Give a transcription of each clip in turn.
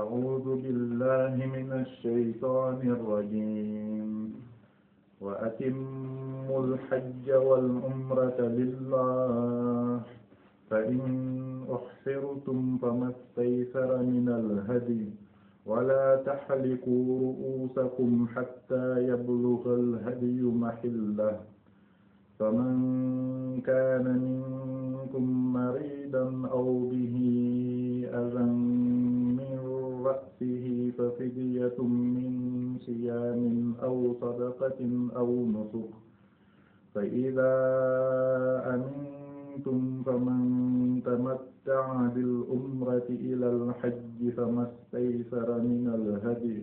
أعوذ بالله من الشيطان الرجيم وأتموا الحج والعمرة لله فإن أحصرتم فما استيسر من الهدي ولا تحلقوا رؤوسكم حتى يبلغ الهدي محله فمن كان منكم مريضا أو به أذى ففدية من صيام أو صدقة أو نسك فإذا أمنتم فمن تمتع بالأمرة إلى الحج فما استيسر من الهدي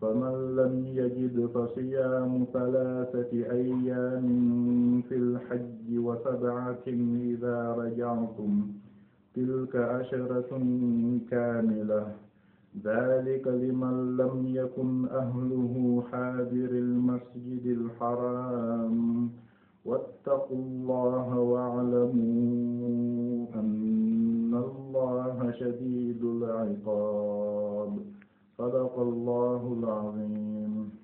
فمن لم يجد فصيام ثلاثة أيام في الحج وسبعة إذا رجعتم تلك عشرة كاملة dalika liman lam yakun ahluhu xaadiril masjidil xaraam wattaqu llaha wa'lamu anna allaha shadiidul iqaab sadaqa llahul aziim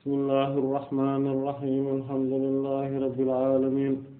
bismillaahir rahmaanir rahiim alhamdulillaahi rabbil aalamiin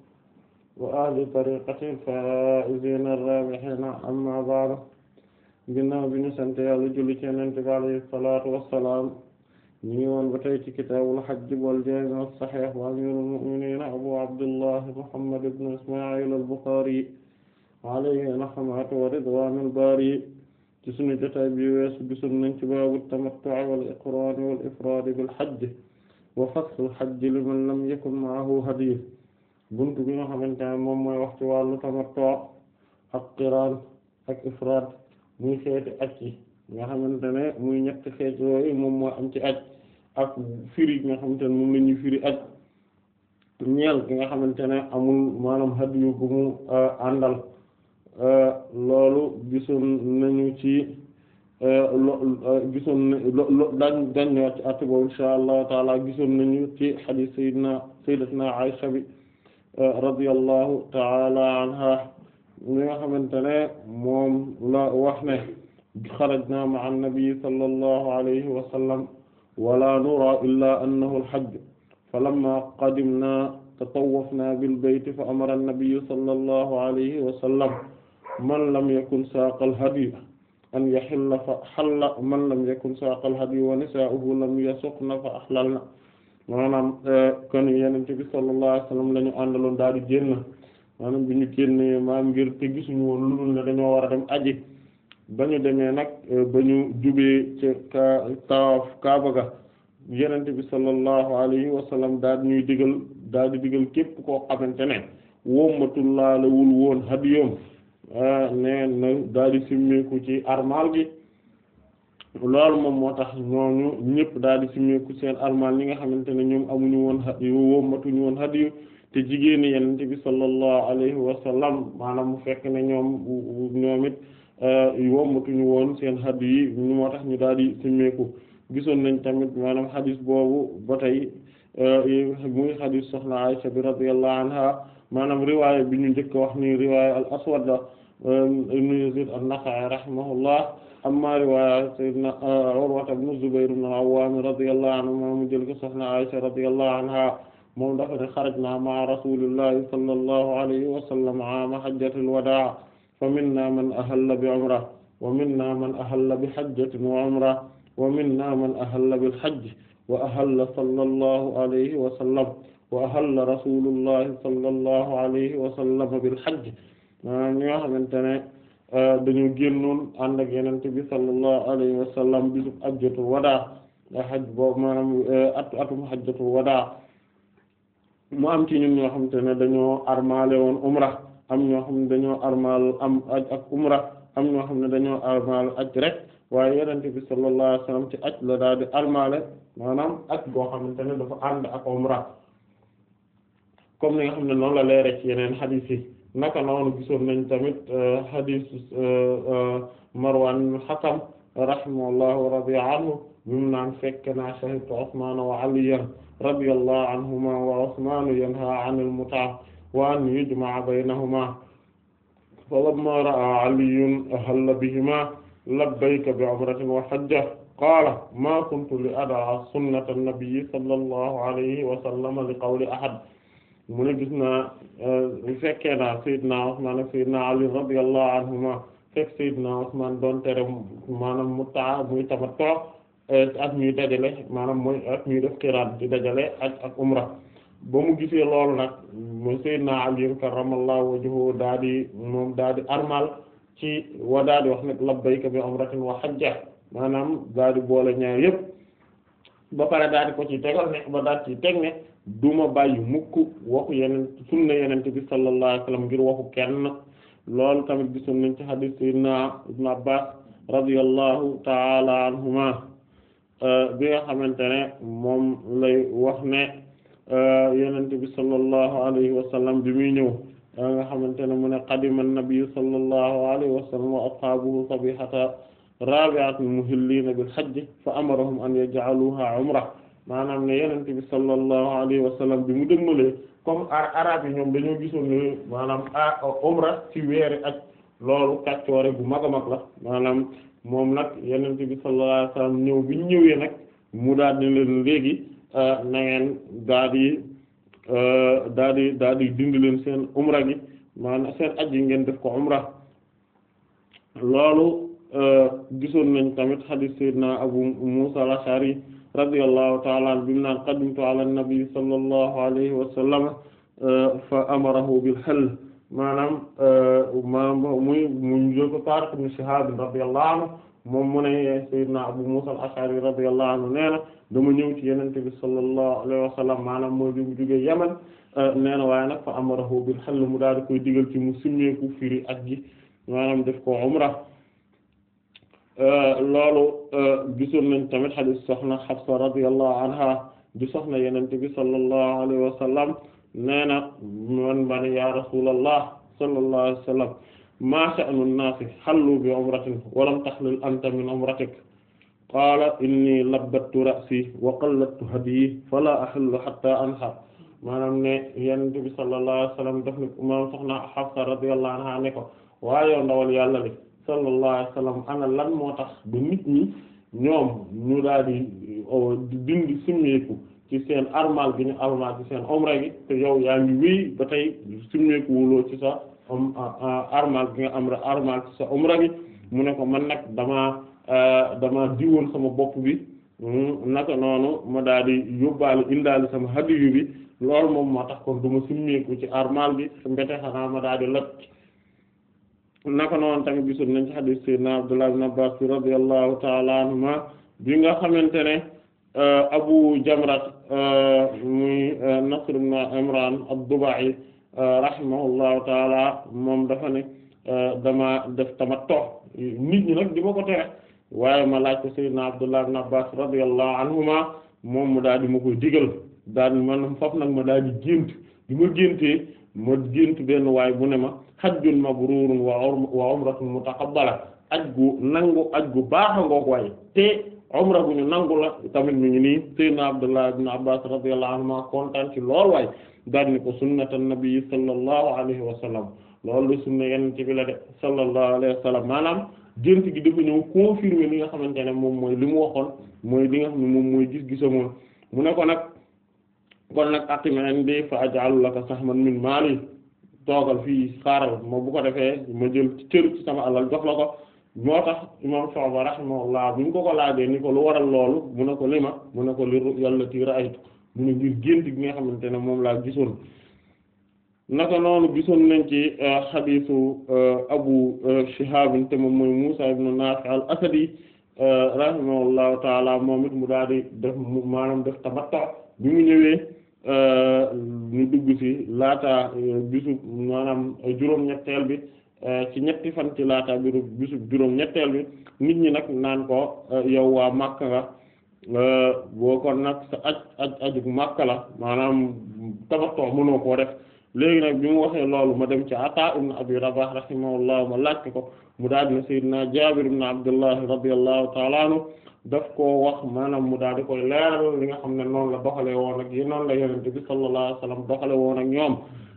wa ahli tariqati al-faa'iziina ar-raabihiina amma ba'du ginnaaw bi ñu sant Yàlla julli ci Yonent bi alayhi salaatu wa salaam ñu ngi woon ba tey ci kitaabul hajj wal jaami' as-sahiih wa amiirul mu'miniina abu abdullah muhammad ibn ismaa'iil al-buxaari alayhi rahmatu wa ridwaanul baari ci sunu jotaay bi weesu gisoon nañ ci baabu tamattu' wal iqraan wal ifraad bil hajj wa fasl al hajj liman lam yakun ma'ahu hadiyy bunt bi nga xamante ne moom mooy wax ci wàllu tamattu ak qiraan ak ifraad muy xeeti aj yi nga xamante ne muy ñett xeet yooyu moom moo am ci ak firi nga xamante ne moom la ñuy firi ak ñeel gi nga xamante ne amul maanaam hadiyu gu mu euh, àndal euh, loolu gisoon nañu ci euh, gisoon nañ dañ dañ ñëwaat ci at boobu insha allah taala gisoon nañu ci xadiis sayyidina sayyidatuna ay bi radiyallahu ta'ala anha mi nga xamante ne moom la wax ne xarajna ma'a an-nabi sallallahu alayhi wa sallam wala nura illa annahu al-hajj falamma qadimna tatawwafna bil bayti fa amara an-nabi sallallahu alayhi wa sallam man lam yakun saaqa al-hadiy an yahilla fa halla man lam yakun saaqa al-hadiy wa nisaa'uhu lam yasuqna fa ahlalna maanaam euh, kon yonent bi sallallahu alayhi wasallam la ñu àndaloon daal di génn maanaam bi ñu génnee maam ngir te gisuñu woon lu dul ne dañoo war a dem aji ba ñu demee nag euh, ba ñu jubee ci ka tawaaf kaaba ga yonent bi sallallahu alayhi wasallam daal di ñuy digal daal di digal képp ko xamante ne wommatulaalawul woon hadiyom euh, ne na daal di simmeeku ci armal gi loolu moom moo tax ñooñu ñëpp daal di simmeeku seen armal ñi nga xamante ne ñoom amuñu woon hadiyu wommatuñu woon hadiyu te jigéeni yenente bi sallallahu alayhi wa sallam maanaam mu fekk ne ñoom ñoom it euh, wommatuñu woon seen hadiyu yi moo tax ñu daal di simmeeku gisoon nañ tamit maanaam hadis boobu ba tey euh, muy hadis soxna Aysa bi radiyallahu anha maanaam riwaaya bi ñu njëkk wax ni riwaaya al aswad euh, ibn Yazid an amma riwaya sayyidina uh, Urwa ibn Zubayr ibn al-Awwam radiyallahu anhuma mu jël ko soxna Aisha radiyallahu anha moom dafa ne xarajna ma'a rasulillahi sallallahu alayhi wa sallam ama hajjatil wadaa fa minna man ahalla bi umra wa minna man ahalla bi hajjatin wa umra wa minna man ahalla bil hajj wa ahalla sallallahu alayhi wa sallam wa ahalla rasulullahi sallallahu alayhi wa sallam bil hajj ñi nga xamante ne Euh, dañoo génnoon ànd ak yenente bi sallallahu alayhi wa sallam bisub hajjatul wadaa haj boobu maanaam euh, at atum hajjatul wadaa mu am ci ñun ñoo xamante ne dañoo armaale woon umra am ñoo xam ne dañoo armal am aj ak umra am ñoo xam ne dañoo armal aj rek waaye yenente bi sallallahu alayhi ci aj la daal di armaale maanaam aj boo xamante ne dafa ànd ak umra comme ni nga xam ne noonu la leere ci yeneen hadith yi naka noonu gisoon nañ tamit euh, hadith euh, euh, Marwan Hakam rahimahullahu wa radiya anhu mim naan fekk naa shahidtu Usmaana wa Aliyan radiyallahu anhuma wa Usmaanu yanha anil muta wa an yujma'a baynahuma falamma ra'a Aliyun ahalla bihima labbayka bi umratin wa hajja qaala ma kuntu li ad'a sunnata an-nabiyyi sallallahu alayhi wa sallama li qawli ahad mu ne gis naa euh, fekkee na Seydina Usmaan ak Seydina Ali radiyallahu anhuma fekk Seydina Usmaan doon tere maanaam mu taa muy tamattu euh, ak ñuy dajale maanaam mooy ak ñuy def xiraan dajale ak ak umra ba mu gisee lool nag mu Seydina Ali karramallahu wajhu daa di moom daa di armal ci wa daa di wax nag labbayka bi umratin wa hajja maanaam daa di boole ñaar yépp ba pare daal di ko ci tegal ne ba daal ci teg ne duma bàyyi mukk waxu yeneen sunna yeneen bi sallallahu alayhi wasallam ngir waxu kenn lool tamit gisoon nañ ci hadith sayyidina ibn abbas radiyallahu ta'ala anhuma euh, bi nga xamante ne moom lay wax ne euh, yeneen bi sallallahu alayhi wasallam bi muy ñëw nga xamante ne mu ne qadima an-nabi sallallahu alayhi wasallam wa ashabuhu sabihata rabi'atul muhillina bil hajj fa amarahum an yaj'aluha umra maanaam ne yonent bi sallallahu alayhi wa bi mu dëgmalee comme arab yi ñoom maanaam umra bu mag a mag la maanaam moom nag yonent bi sallallahu alayhi wa sallam ñëw bi ñu ñëwee mu daal leen léegi na ngeen daal dindi leen seen umra gi seen aji ngeen def ko umra loolu. Euh, gisoon nañ tamit hadith sayyidina Abu Musa al-Ash'ari radiyallahu ta'ala anhu bi mu naan qadimtu ala an-nabi sallallahu alayhi wa sallam euh, fa amarahu bil hal euh, ma muy mu jël ko Tariq ibn Shihab radiyallahu anhu moom mu ne sayyidina Abu Musa al-Ash'ari radiyallahu anhu nee na dama ñëw ci bi sallallahu alayhi wa sallam maanaam mooy mu jógee Yaman na waaye nag fa mu daal di koy digal ci mu simmeeku firi ak gi maanaam def ko Euh, loolu euh, gisoon nañ tamit hadith soxna Hafsa radiyallahu anha di soxna yenente bi sallallahu alayhi wa sallam nee na man ma ne ya rasulallah sallallahu alayhi wa sallam ma sha'nu an-naasi hallu bi umratin wa lam tahlil anta min umratik qaala inni labbattu ra'si wa qallattu hadyi fala ahillu hatta anhar maanaam ne yenente bi sallallahu alayhi wa sallam daf ne maam soxna Hafsa radiyallahu anha ne ko waaye ndawal yàlla li sallallahu alayhi a sallam ana lan moo tax ba nit ñi ñoom ñu daal di dindi simmeeku ci seen armaal gi ñu armal ci seen omra gi te yow yaa ngi wéy ba tey simmeeku wuloo ci sa um, armal bi am armal ci omra gi mu ne ko man nag damaa damaa diwoon sama bopp bi naka noonu ma daal di yóbbaale indaale sama hadiyu bi loolu moom moo tax kon du ma ci armal bi mbete xanaa ma daal di lot naka noonu tamit gisoon nañ ci hadis sayyidina Abdullah ibn Abbas bi radiyallahu ta'ala anhuma bii nga xamante ne euh, Abu Jamrat euh, muy euh, Nasr ibn Imran ad-Duba'i rahimahullahu moom dafa ne dama def tamattu nit ñi nag di ma ko tere waaye ma laaj ko sayyidina Abdullah ibn Abbas radiyallahu anhuma moom mu daal di ma koy digal daal di man faf nag ma daal di gént di ma géntee ma gént benn waay bu ne ma hajjun mabrurun wa umratun mutaqabbala aj gu nangu aj gu baax a ngoog waaye te umra gu ñu nangu la tamit mi ngi nii sayyidina Abdullah ibn Abbas radiyallahu anhuma kontaan ci lool waaye daal ni ko sunnatan nabi sallallahu alayhi wa sallam loolu la sunna yenn la de sallallahu alayhi wa sallam maanaam gént gi dafa ñëw confirmer li nga xamante ne moom mooy li mu waxoon mooy li nga xam ne moom mooy gis-gisamoon mu ne ko nag kon nag aqim indi fa aj'alu laka sahman min mali toogal fii xaaral ma bu ko defee ma jël cër ci sama alal jox la ko moo tax imam Shu'ba rahimahullah bi ñu ko ko laajee ni ko waral loolu mu ne ko lima mu ne ko yàlla ru'yallati ra'aytu mu ne ngir gént gi nga xamante ne moom laa gisoon naka noonu gisoon nañ ci euh, xadiisu euh, Abu euh, Shihab te moom mooy Musa ibn Nafi' al-Asadi rahimahullahu taala moom it mu daal di def maanaam def tamattu bi mu ñëwee Euh, ñu dugg ci laata euh, bisub maanaam juróom-ñetteel bi euh, ci ñetti fan ci laata biru bisub juróom-ñetteel bi nit ñi nag naan ko yow waa Makka nga boo kon nag sa aj aj ajug Makka la maanaam tamattu mënoo ko def léegi nag bi mu waxee loolu ma dem ci Ataa ibn Abi Rabah rahimahullah ma làkk ko mu daal ne Seydina Jaabir ibn Abdullahi radiyallahu ta'ala anhu daf koo wax maanaam mu daal di koy leeral li nga xam ne noonu la doxalee woon ak yi noon la yonent bi sallallahu alayhi wasallam doxale woon ak ñoom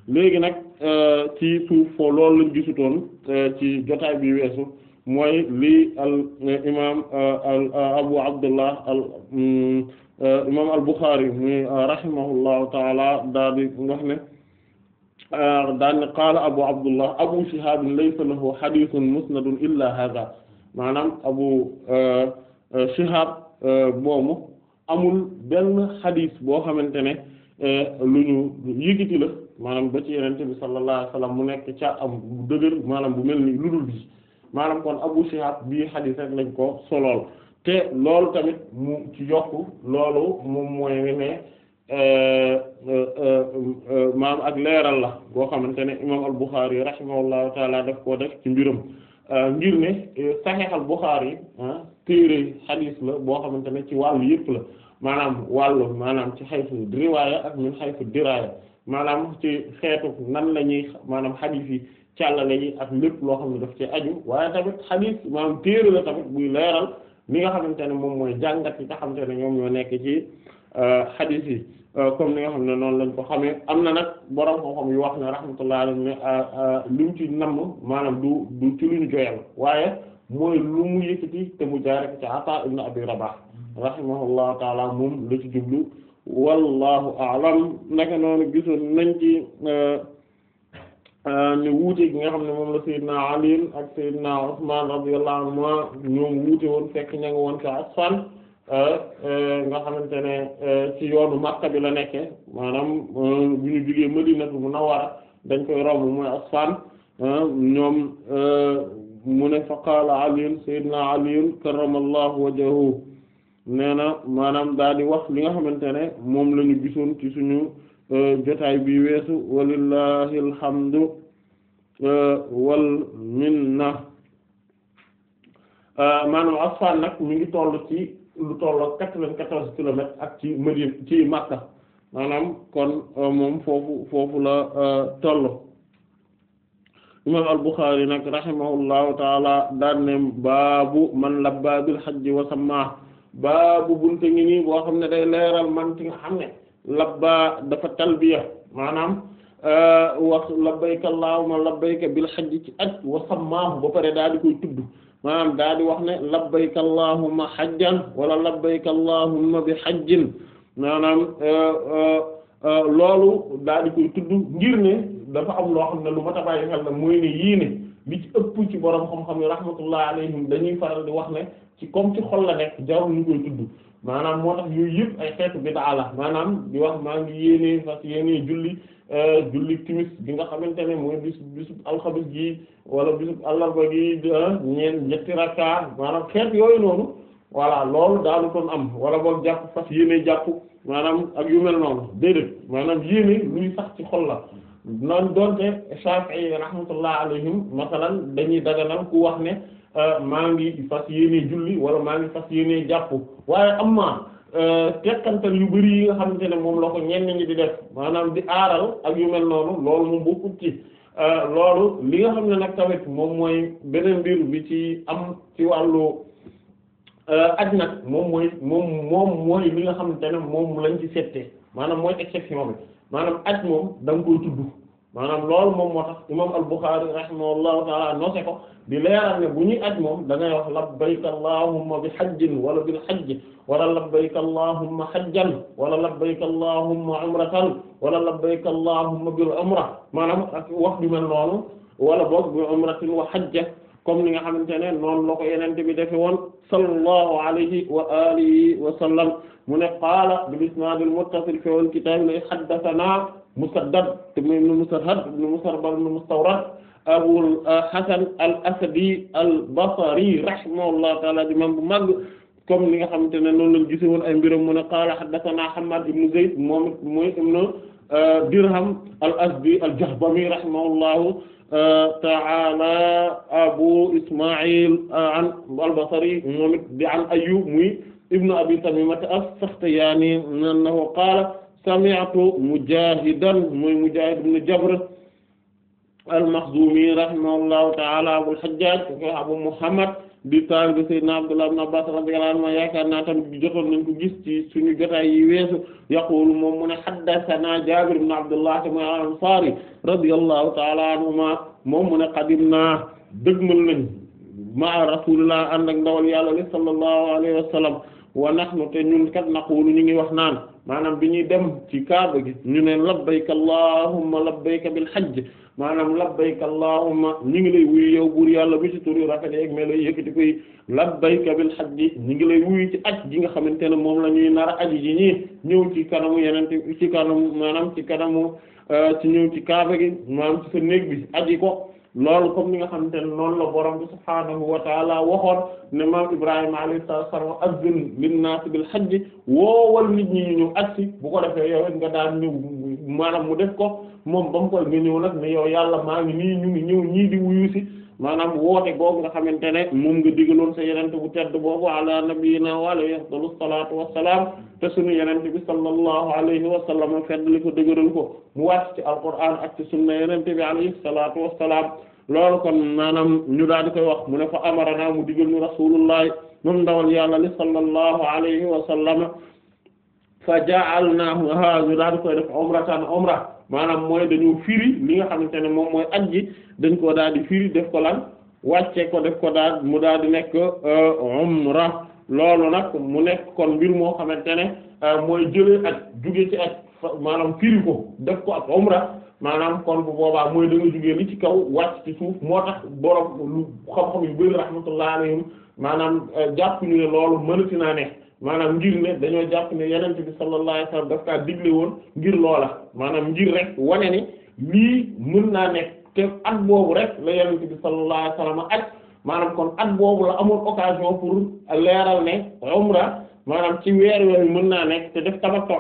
léegi nag euh, ci suuf foo loolu lañ gisutoon euh, ci jotaay bi weesu mooy lii al euh, imaam al Abu Abdullah al mm, imaam al Bukhari muy rahimahullahu ta'ala daal di wax ne Euh, daan ne qaala abu abdullah abu shihab laysa lahu hadithun musnadun illa hadha maanaam abu euh, euh, shihab moomu amul benn xadis boo xamante ne lu ñu yëkkati la maanaam ba ci yenente bi sallallahu alayhi mu nekk ca am bu dëgër maanaam bu mel ni lu dul bi maanaam kon abu shihab bii xadis rek lañ ko solool te loolu tamit mu ci yokk loolu moom mooy ne Euh, euh, euh, maam ak leeral la boo xamante ne imaam al-Bukhari rahimahullahu taala def koo def ci mbiram ngir ne Sahih al-Bukhari ah, téere xadiis la boo xamante ne ci wàllu yëpp la maanaam wàllu maanaam ci xaytu riwaaya ak min xaytu diraaya maanaam ci xeetu nan la ñuy maanaam xadiis yi càllale yi ak lépp loo xam ne daf ci aju waaye tamit xadiis maanaam téere la tamit buy leeral li nga xamante ne moom mooy jàngat yi nga xamante ne ñoom ñoo nekk ci hadith yi euh, comme ni nga xam ne noonu lañ ko xamee am na nag borom xam-xam yu wax ne rahmatullahi alayhi euh, euh, ci namm maanaam du du ci lu ñu waaye mooy lu mu yëkkati te mu jaare ko ci Ataa ibn Abi Rabah rahimahullahu taala moom la ci jublu wallahu a'lam naka noonu gisoon nañ ci ne wuute gi nga xam ne moom la Seydina Ali ak Seydina Usman radiyallahu anhuma ñoom wuute woon fekk ña nga woon ci Asfan Euh, euh, nga xamante ne euh, ci yoonu Makka bi la nekke maanaam bu ñu jugee Madinatu Munawwara dañ koy romb mooy Asfaan ñoom mu ne fa qaala aliyun sayyidina aliyun karramallahu nee na maanaam daal di wax li nga xamante ne moom la ñu gisoon ci suñu jotaay bi weesu walillahi alhamdu wal minna maanaam Asfaan nag mi ngi toll ci lu tollook quatre-vingt-quatorze kilomètres ak ci Madina ci Makka maanaam kon euh, moom foofu foofu la euh, toll imam al-Bukhari nag rahimahullahu taala daan ne baabu man labba bil xaj wa samma baabu bunte ngi nii boo xam ne day leeral man ki nga xam ne labba dafa talbiya maanaam euh, wax labbayka allahumma labbayka bil xaj ci ak wa sammaahu ba pare daal di koy tudd maanaam daa di wax ne labbayka allahumma hajjan wala labbayka allahumma bi hajjin maanaam euh, euh, euh, loolu daa di koy tudd ngir ne dafa am loo xam ne lu ma tabaay xel na mooy ne yii ne li ci ëpp ci borom xam-xam yi rahmatullah alayhim dañuy faral di wax ne ci comme ci xol la nekk jarul ñu koy tudd maanaam moo tax yooyu yëpp ay xeetu bid'a maanaam di wax maa ngi yéenee fas yéenee julli euh, julli timis bi nga xamante ne mooy bis bisub alxamis gi wala bisub àllarba gi euh, ñeen ñetti rakka maanaam xeet yooyu noonu voilà loolu daanu kon am wala boog jàpp fas yéenee jàpp maanaam ak yu mel noonu déedéet maanaam yéene luy sax ci xol la noonu doonte Shafi'i rahmatullah alayhim masalan dañuy daganal ku wax ne Euh, maa ngi fas yéene julli wala maa ngi fas yéene jàpp waaye amma euh, tekkantal yu bari yi nga xamante ne moom la ko ñenn ñi di def di aaral ak yu mel noonu loolu moom bokkul ci euh, nga xam ne nag tamit moom mooy beneen mbir bi ci am ci wàllu aj nag moom mooy moom moom mooy li nga xamante ne moom lañ ci settee maanaam mooy exception bi maanaam aj moom da koy tudd maanaam loolu moom moo tax imam al-Bukhari rahimahullahu taala noose ko di leeral ne bu ñuy aj moom da ngay wax labbayka allahumma bi hajjin wala bil hajj wala labbayka allahumma hajjan wala labbayka allahumma umratan wala labbayka allahumma bil umra maanaam ak wax bi mel noonu wala boog bi umratin wa hajja comme ni nga xamante ne noonu la ko yenente bi defe woon sallallahu alayhi wa alihi wa sallam mu ne qaala bil isnaadil muttasil fi al kitaab li haddathana musaddad ibn musarhad ibn musarbal ibn mustawrad abul hasan al asadi al basri rahimahullahu taala di imam bu mag comme li nga xamante ne noonu lañ gisewoon ay mbiram mu ne qaala haddathana hammad ibn zayd moom mooy ibn euh, dirham al asdi al jahbami rahimahullahu euh, taala abu isma'il euh, an al basri moom it di an ayyub muy ibn abi tamimata as-sakhtiyani annahu qaala sami'tu mujahidan muy mujahid ibn jabr al-makhzumi rahimahullahu ta'ala abul hajjaj abu muhammad di taal bi sayyidina abdullah ibn abbas radiyallahu anhu yaakaar naa tamit bi jotoon nañ ko gis ci suñu jotaay yi weesu yaqulu moom mu ne haddathana jabir ibn abdullah mooy al-ansari radiyallahu ta'ala anhuma moom mu ne qadimna dëgmal nañ ma rasulillah ànd ak ndawal yàlla li sallallahu alayhi wa sallam wa nahnu te ñun kat naqulu ñu ngi wax naan maanaam bi ñuy dem ci kaaba gi ñu ne labbayka allahumma labbayka bil hajj maanaam labbayka allahumma ñu ngi lay wuyu yow buur yàlla bi ci turu rafet ak melo yëkkati koy labbayka bil bi ñu ngi lay wuy ci aj gi nga xamante ne moom la ñuy nar a aji ji ñii ñëw ci kanamu yeneen ci kanamu maanaam ci kanamu euh, ci ñëw ci kaaba gi maanaam ci sa néeg bi aji ko loolu comme ni nga xamante ne noonu la borom bi subhaanahu wa taala waxoon ne maam Ibrahima alayhi salaam azzin linnaas bil hajj woowal nit ñi ñu ñëw agsi bu ko defee yow nga daan ñëw maanaam mu def ko moom ba mu koy nga ñëw nag ne yow yàlla maa ngi nii ñu ngi ñëw ñii di wuyu si. maanaam woote boobu nga xamante ne moom nga digaloon sa yenente bu tedd boobu ala nabiyina wa alayhi afdalu salaatu wassalaam te sunu yenente bi sallallahu alayhi wa sallam feddali ko dëgëral ko mu wàcc ci alquran ak ci sunna yenente bi alayhi salaatu wassalaam loolu kon maanaam ñu daal di koy wax mu ne fa amarana mu digal ñu rasulullahi moom ndawal yàlla li sallallahu alayhi wa sallam fa ja'alnaahu ñu daal di koy def umratan umra maanaam mooy dañu firi li nga xamante ne moom mooy aj ji dañ ko daal di firi def ko lan wàcce ko def ko daal mu daal di nekk euh, umra loolu nag mu nekk kon mbir moo xamante ne euh, mooy jëlee ak juge ci ak maanaam firi ko def ko ak umra maanaam kon bu boobaa mooy da nga jugee li ci kaw wàcc ci suuf moo tax borom lu xam-xam yu bari rahmatullah alayhim maanaam euh, jàpp ñu ne loolu mënati naa ne maanaam ngir ne dañoo jàpp ne yenent bi sallallahu alayhi wasallam daf kaa digle woon ngir loola maanaam ngir rek wane ni lii mën naa nekk te at boobu rek la yenent bi sallallahu alayhi wasallam ak maanaam kon at boobu la amoon occasion pour leeral ne umra maanaam ci weer weer mën naa nekk te def tamattu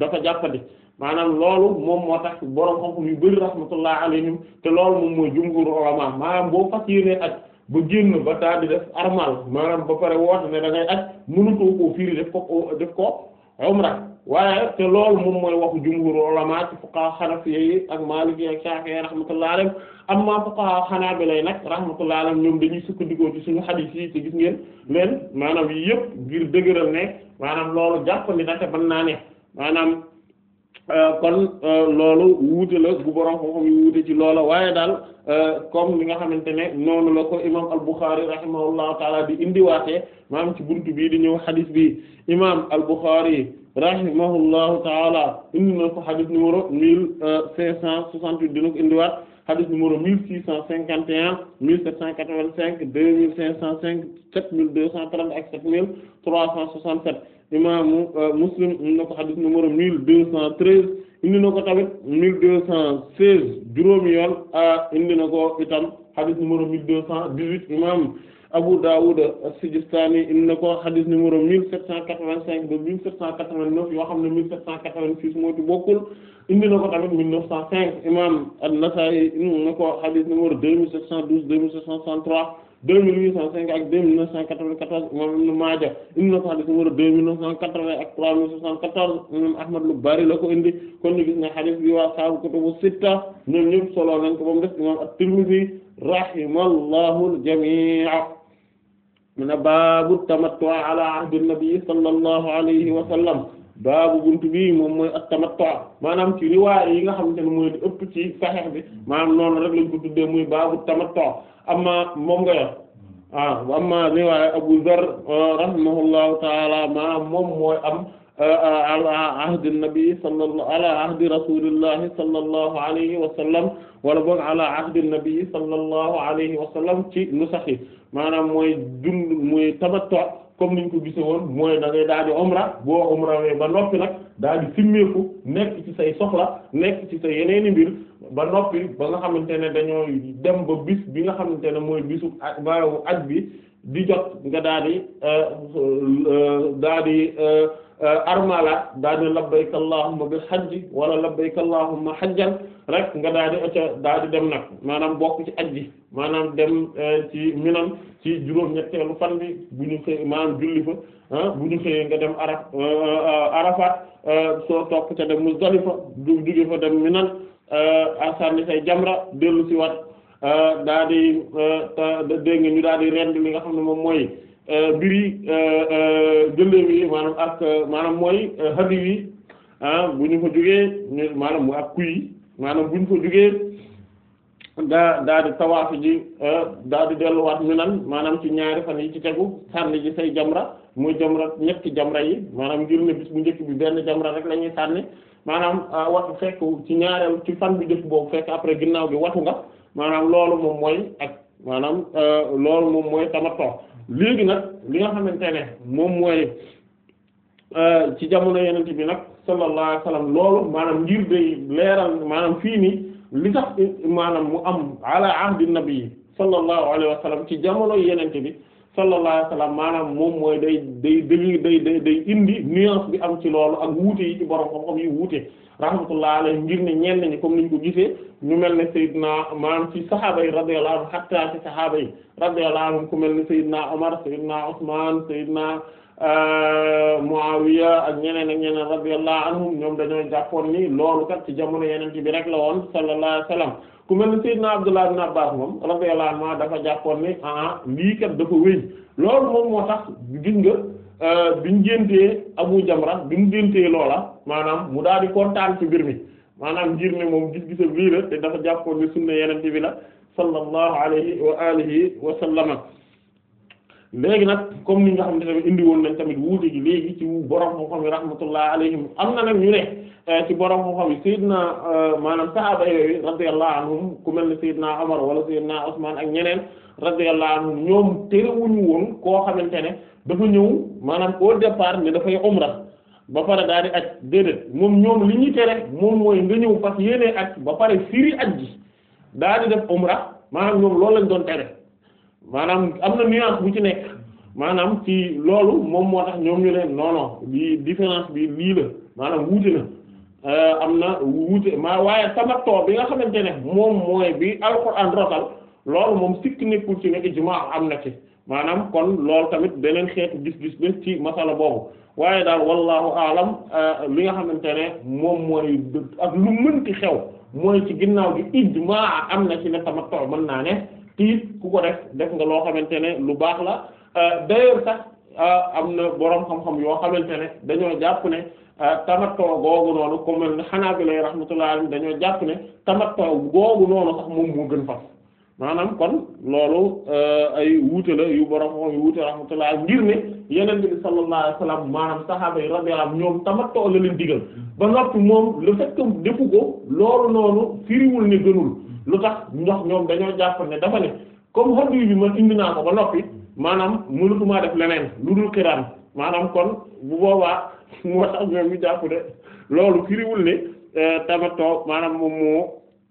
dafa jàppandi maanaam loolu moom moo tax borom xam-xam yu bari rahmatullah alayhim te loolu moom mooy jumhur ulama maanaam boo fas yéenee ak ba génn ba daal di def armal maanaam ba pare woote ne da ngay aj mënutoo koo firi def ko def ko umra waaye te loolu moom mooy waxu jumhur ulama ci fuqaha hanafiya yi ak maliki ak shafi'i am alayhim amma fuqaha hanabila yi nag rahmatullahi alayhim ñoom dañuy sukkandikoo ci suñu hadith yi te gis ngeen leen maanaam yëpp ngir dëgëral ne maanaam loolu jàpp ni naka mën naa ne maanaam Euh, kon euh, loolu wuute la bu borom xam-xam yu ci loola waaye daal euh, comme li nga xamante ne noonu la ko imam al-Bukhari rahimahullahu taala di indiwaate maanaam ci buntu bii di ñëw xadis bi imam al-Bukhari rahimahullahu taala indi na ko xadis numéro mille cinq cent soixante-huit dina ko indiwaat xadis numéro mille six cent cinquante et un mille sept cent quatre-vingt-cinq deux mille cinq cent cinq sept mille deux cent trente ak sept mille trois cent soixante-sept imaamu euh, Muslim indi na ko xadis numéro mille deux cent treize indi na ko tamit mille deux cent seize juróomi yoon indi na ko itam xadis numéro mille deux cent dix-huit imaam Abu Dawud as-Sijistani indi na ko xadis numéro mille sept cent quatre-vingt-cinq ba mille sept cent quatre-vingt-neuf yoo xam ne mille sept cent quatre-vingt-six moo ci bokkul indi na ko tamit mille neuf cent cinq imaam an-Nasa'i indi na ko xadis numéro deux mille sept cent douze deux mille sept cent soixante deux mille huit cent cinq ak deux mille neuf cent quatre-vingt-quatorze imam Maaja indi na ko deux mille neuf cent quatre-vingts ak trois mille soixante-quatorze imam Ahmad lu bari la ko indi kon ñu gis ne xadis bi waa saabu kutubu sitta ñoom ñëpp solo nañ ko ba mu def imam at-Tirmidhi rahimallahu al-jamii' min baabu tamattu ala ahdi an-nabi sallallahu alayhi wa sallam baabu buntu bi moom mooy at-tamattu maanaam ci riwaay yi nga xamante ne mooy ëpp ci Sahih bi maanaam noonu rek lañ ko tuddee muy baabu tamattu amma moom nga yor ah amma riwaay Abu Zar ah, rahimahullahu taala maanaam moom mooy am ah, ah, ala ahdi nabi sallallahu ala ahdi rasulillahi sallallahu alayhi wa sallam wala boog ala ahdi nabi sallallahu alayhi wa sallam ci nusaxi maanaam mooy dund mooy tamattu comme niñ ko gise woon mooy da ngay daal di umra boo umrawee ba noppi nag daadi di simmeeku nekk ci say soxla nekk ci say yeneeni mbir ba noppi ba nga xamante ne dañoo dem ba bis bi nga xamante ne mooy bisu baawu aj bi di jot nga daadi euh, euh, daadi euh, Euh, armalaat daa di labbayka allahumma bil hajji wala labbayka allahumma hajjan rek nga daa di ca dem nag maanaam bokk ci ajji maanaam dem euh, ci minan ci juróom ñetteelu fan bi bu ñu xëy maanaam julli fa bu ñu xëyee nga dem araf euh, arafat soo topp ca dem muzdalifa du jóge fa dem minan asànni say jamra dellu si wat daa di dégg nga ñu daa di rend li nga xam ne moom mooy Euh, mbir yi gëléem euh, euh, yi maanaam ak maanaam mooy hadi yi ah bu ñu fa jógee maanaam mu ak kuy maanaam bu ñu fa jógee daa daa di tawaaf ji daa di delluwaat mi nan maanaam ci ñaari fan yi ci tegu sànni ji say jamra muy jamra ñetti jamra yi maanaam ngir ne bis bu njëkk bi benn jamra rek lañuy ñuy sànni maanaam ah, watu fekk ci ñaareel ci fan bi njëkk boobu fekk après ginnaaw bi watu nga maanaam loolu moom mooy ak maanaam loolu moom mooy tamattu léegi nag li nga xam ne moom mooy euh, ci jamono yenent bi nag sallallahu alayhi wa sallam loolu maanaam ngir day leeral maanaam fii nii li tax maanaam mu am ala ahdi nabi sallallahu alayhi wa sallam ci jamono yenent bi sallallahu alayhi wa maanaam moom mooy day day day day day indi nuance bi am ci loolu ak wuute yi ci borom xam-xam yi wuute rahmatullahi alayhi ngir ne ñenn ñi comme niñ ko gisee ñu mel ne Seydina maanaam ci saxaaba yi radiyallahu anhum hatta ci saxaaba yi radiyallahu anhum ku mel ne Seydina Omar Seydina Ousmane Seydina Euh, Muawiya ak ñeneen ak ñeneen radiyallahu anhum ñoom dañoo jàppoon ni loolu kat ci jamono yeneen bi rek la woon sallallahu alayhi wasallam ku mel ni Seydina Abdullah ibn Abbas moom radiyallahu anhu dafa jàppoon ni ah lii kat dafa wéy loolu moom moo tax gis nga euh, biñ géntee Abu Jamra biñ géntee loola maanaam mu daal di kontaan ci mbir mi maanaam ngir ne moom gis-gisa bii te dafa jàppoon ni sunna yeneen bi la sallallahu alayhi wa alihi wa sallama léegi nag comme ni nga xam ne tamit indi woon nañ tamit wuute gi léegi ci borom xam-xam yi rahmatullah alayhim am na nag ñu ne eh, ci borom xam-xam yi na eh, maanaam sahaaba yooyu radiyallahu anhum ku mel ne Seydina Umar wala Seydina Usman ak ñeneen radiyallahu anhum ñoom terewuñu woon koo xamante ne dafa ñëw maanaam au départ ne dafay umra ba pare daa di aj déedéet moom ñoom li ñuy tere moom mooy nga ñëw parce que yéenee aj ba pare firi aj gi daal di def maanaam ñoom loolu lañ doon tere maanaam am na nuance bu ci nekk maanaam ci loolu moom moo tax ñoom ñu leen non non différence bi lii la maanaam wuute na euh, am na wuute maa waaye tamatoo bi nga xamante ne moom mooy bi alxuraan rotal loolu moom sikk nekkul ci nekk ijmaa am na ci maanaam kon lool tamit beneen xeetu gis-gis la ci masala boobu waaye daal wallahu alam euh, li nga xamante ne moom mooy ak lu mënti xew mooy ci ginnaaw gi ijmaa am na ci ne tamatoo mën naa ne. it ku ko def def nga loo xamante ne lu baax la euh, d'ailleurs sax euh, am na boroom xam-xam yoo xamante ne dañoo jàpp ne euh, tamattu googu noonu comme mel ne Hanaabila lay rahmatullahi jàpp ne tamattu googu noonu sax moom moo gën fas maanaam kon loolu ay wuute la yu borom moom yu wuute rahmatullah ngir ne yeneen bi sallallahu alayhi wasallam maanaam sahaaba yi radiyallahu anhum ñoom tamattu la leen digal ba noppi moom le fait defu ko loolu noonu firiwul ne gënul lu tax ndox ñoom dañoo jàpp ne dafa ne comme xaddu bi man indi naa ko ba noppi maanaam mënatumaa def leneen lu dul xiraan maanaam kon bu boobaa moo tax ñoom ñu jàpp ne loolu firiwul ne eh, tamatoo maanaam moom mu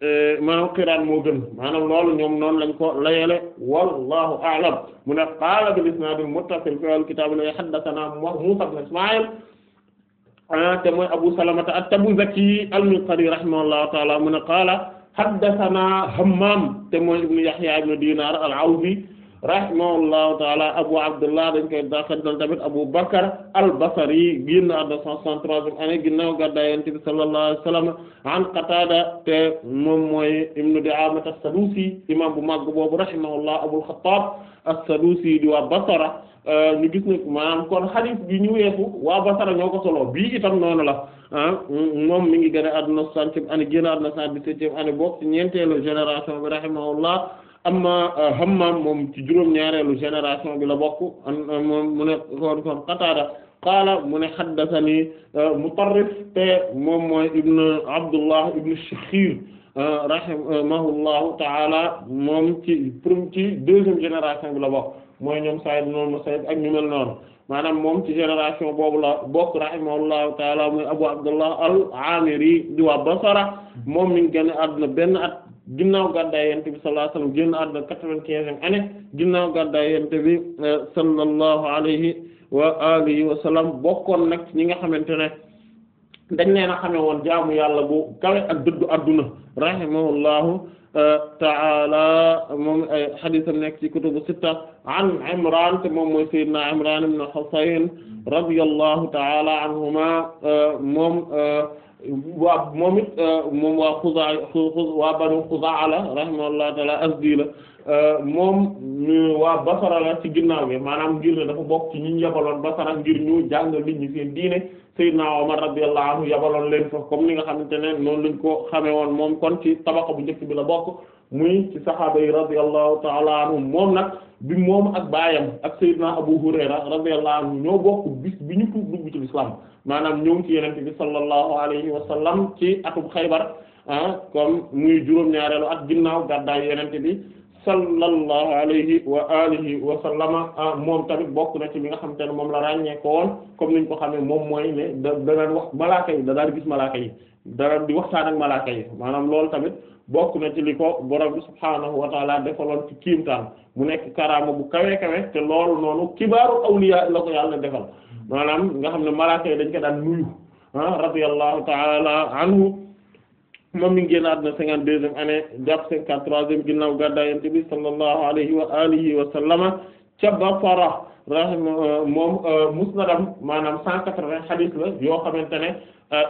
eh, maanaam xiraan moo gën maanaam loolu ñoom noonu lañ ko layele wallahu a'lam mu ne qaala bil isnaadil muttasil fi al-kitaab la haddathanaa Muusaa ibn Ismaa'iil ah, te mooy Abu Salamata at-Tabuzaki al-Misri rahimahullahu ta'aala mu ne qaala haddathana Hammam te mooy ibn Yahya ibn Dinar al-Awdi rahimahullahu taala Abu Abdullah dañ koy dafadal tamit Abu Bakr al-Basri génn àdduna 163e année ginnaaw gàddaay Yonent bi sallallahu alayhi wa sallam an Qatada te moom mooy ibnu Di'aama a sadusi imam bu màgg boobu rahimahullah Abul Khattab as-Sadusi di waa Basra ñu gis ne maanaam kon hadith bi ñu weesu waa Basra ñoo ko solo bii itam noonu la ah, moom mi ngi gën a àdduna 60e année génn àdduna 117e année bokk ci ñeenteelu génération bi rahimahullah amma euh, Hammam moom ci juróom-ñaareelu génération bi la bokk euh, moom mu ne kon kon Qatada qaala mu ne haddathani euh, Mutarrif te moom mooy Ibn Abdullah Ibn Shakhir rahimahullahu ta'ala moom ci pour ci deuxième génération bi la bokk mooy ñoom Sa'id ibn Musayyib ak ñu mel noonu maanaam moom ci génération boobu la bokk rahimahullahu ta'ala muy Abu Abdullah al-Amiri di waa Basra moom mi ngi génn àdduna benn at. ginnaaw gàddaay yonent bi sallallahu alayhi wasallam génn àdduna quatre gàddaay yonent bi eh, sallallahu alayhi wa alihi wa sallam bokkoon nag ñi nga xamante ne dañ leen a xame woon jaamu yàlla bu kawe ak dëddu adduna rahimahullahu eh, taala moom ay eh, xadiisam nekk kutubu sitta an Imraan te moom mooy Seydina Imraan ibn Husayn radiyallahu taala anhuma moom waa moom it euh, moom waa Xuzaa waa Banu Xuzaa la rahimahullahu ta'ala asdi la Euh, moom waa Basra la ci ginnaaw bi maanaam ngir ne dafa bokk ci ñi ñu yabaloon Basra ngir ñu jàngal nit ñi seen diine Seydina Omar radiyallahu anhu yabaloon leen fa comme ni nga xamante ne noonu lañ ko xamee woon moom kon ci tabaqa bu njëkk bi la bokk muy ci saxaaba yi radiyallahu ta'ala anhum moom nag bi moom ak baayam ak Seydina Abu Hurayra radiyallahu anhu ñoo bokk bis bi ñu tuub dugg ci lislaam maanaam ñëw ci yenente bi sallallahu alayhi wa sallam ci atum Xaybar ah muy juróom-ñaareelu ak ginnaaw gàddaay yenente bi sallallahu alayhi wa alihi wa sallama ah, moom tamit bokk na ci li nga xam te ne moom la ràññee woon comme niñ ko xamee moom mooy ne da daan wax malaaka yi da daan gis malaaka yi dara di waxtaan ak malaaka yi maanaam loolu tamit bokk na ci li ko borom bi subhaanahu wa taala defaloon ci kiimtaan mu nekk karaama bu kawe kawe te loolu noonu kibaaru awliya la ko yàlla defal maanaam nga xam ne malaaka yi dañ ko daan nuyu ah radiyallahu anhu moom mi ngi génn àdduna cinquante deuxième année jàpp cinquante troisième ginnaaw gàddaay Yonent bi sallallahu alayhi wa alihi wa sallama ca Basra rahima moom maanaam cent quatre-vingts hadith la yoo xamante ne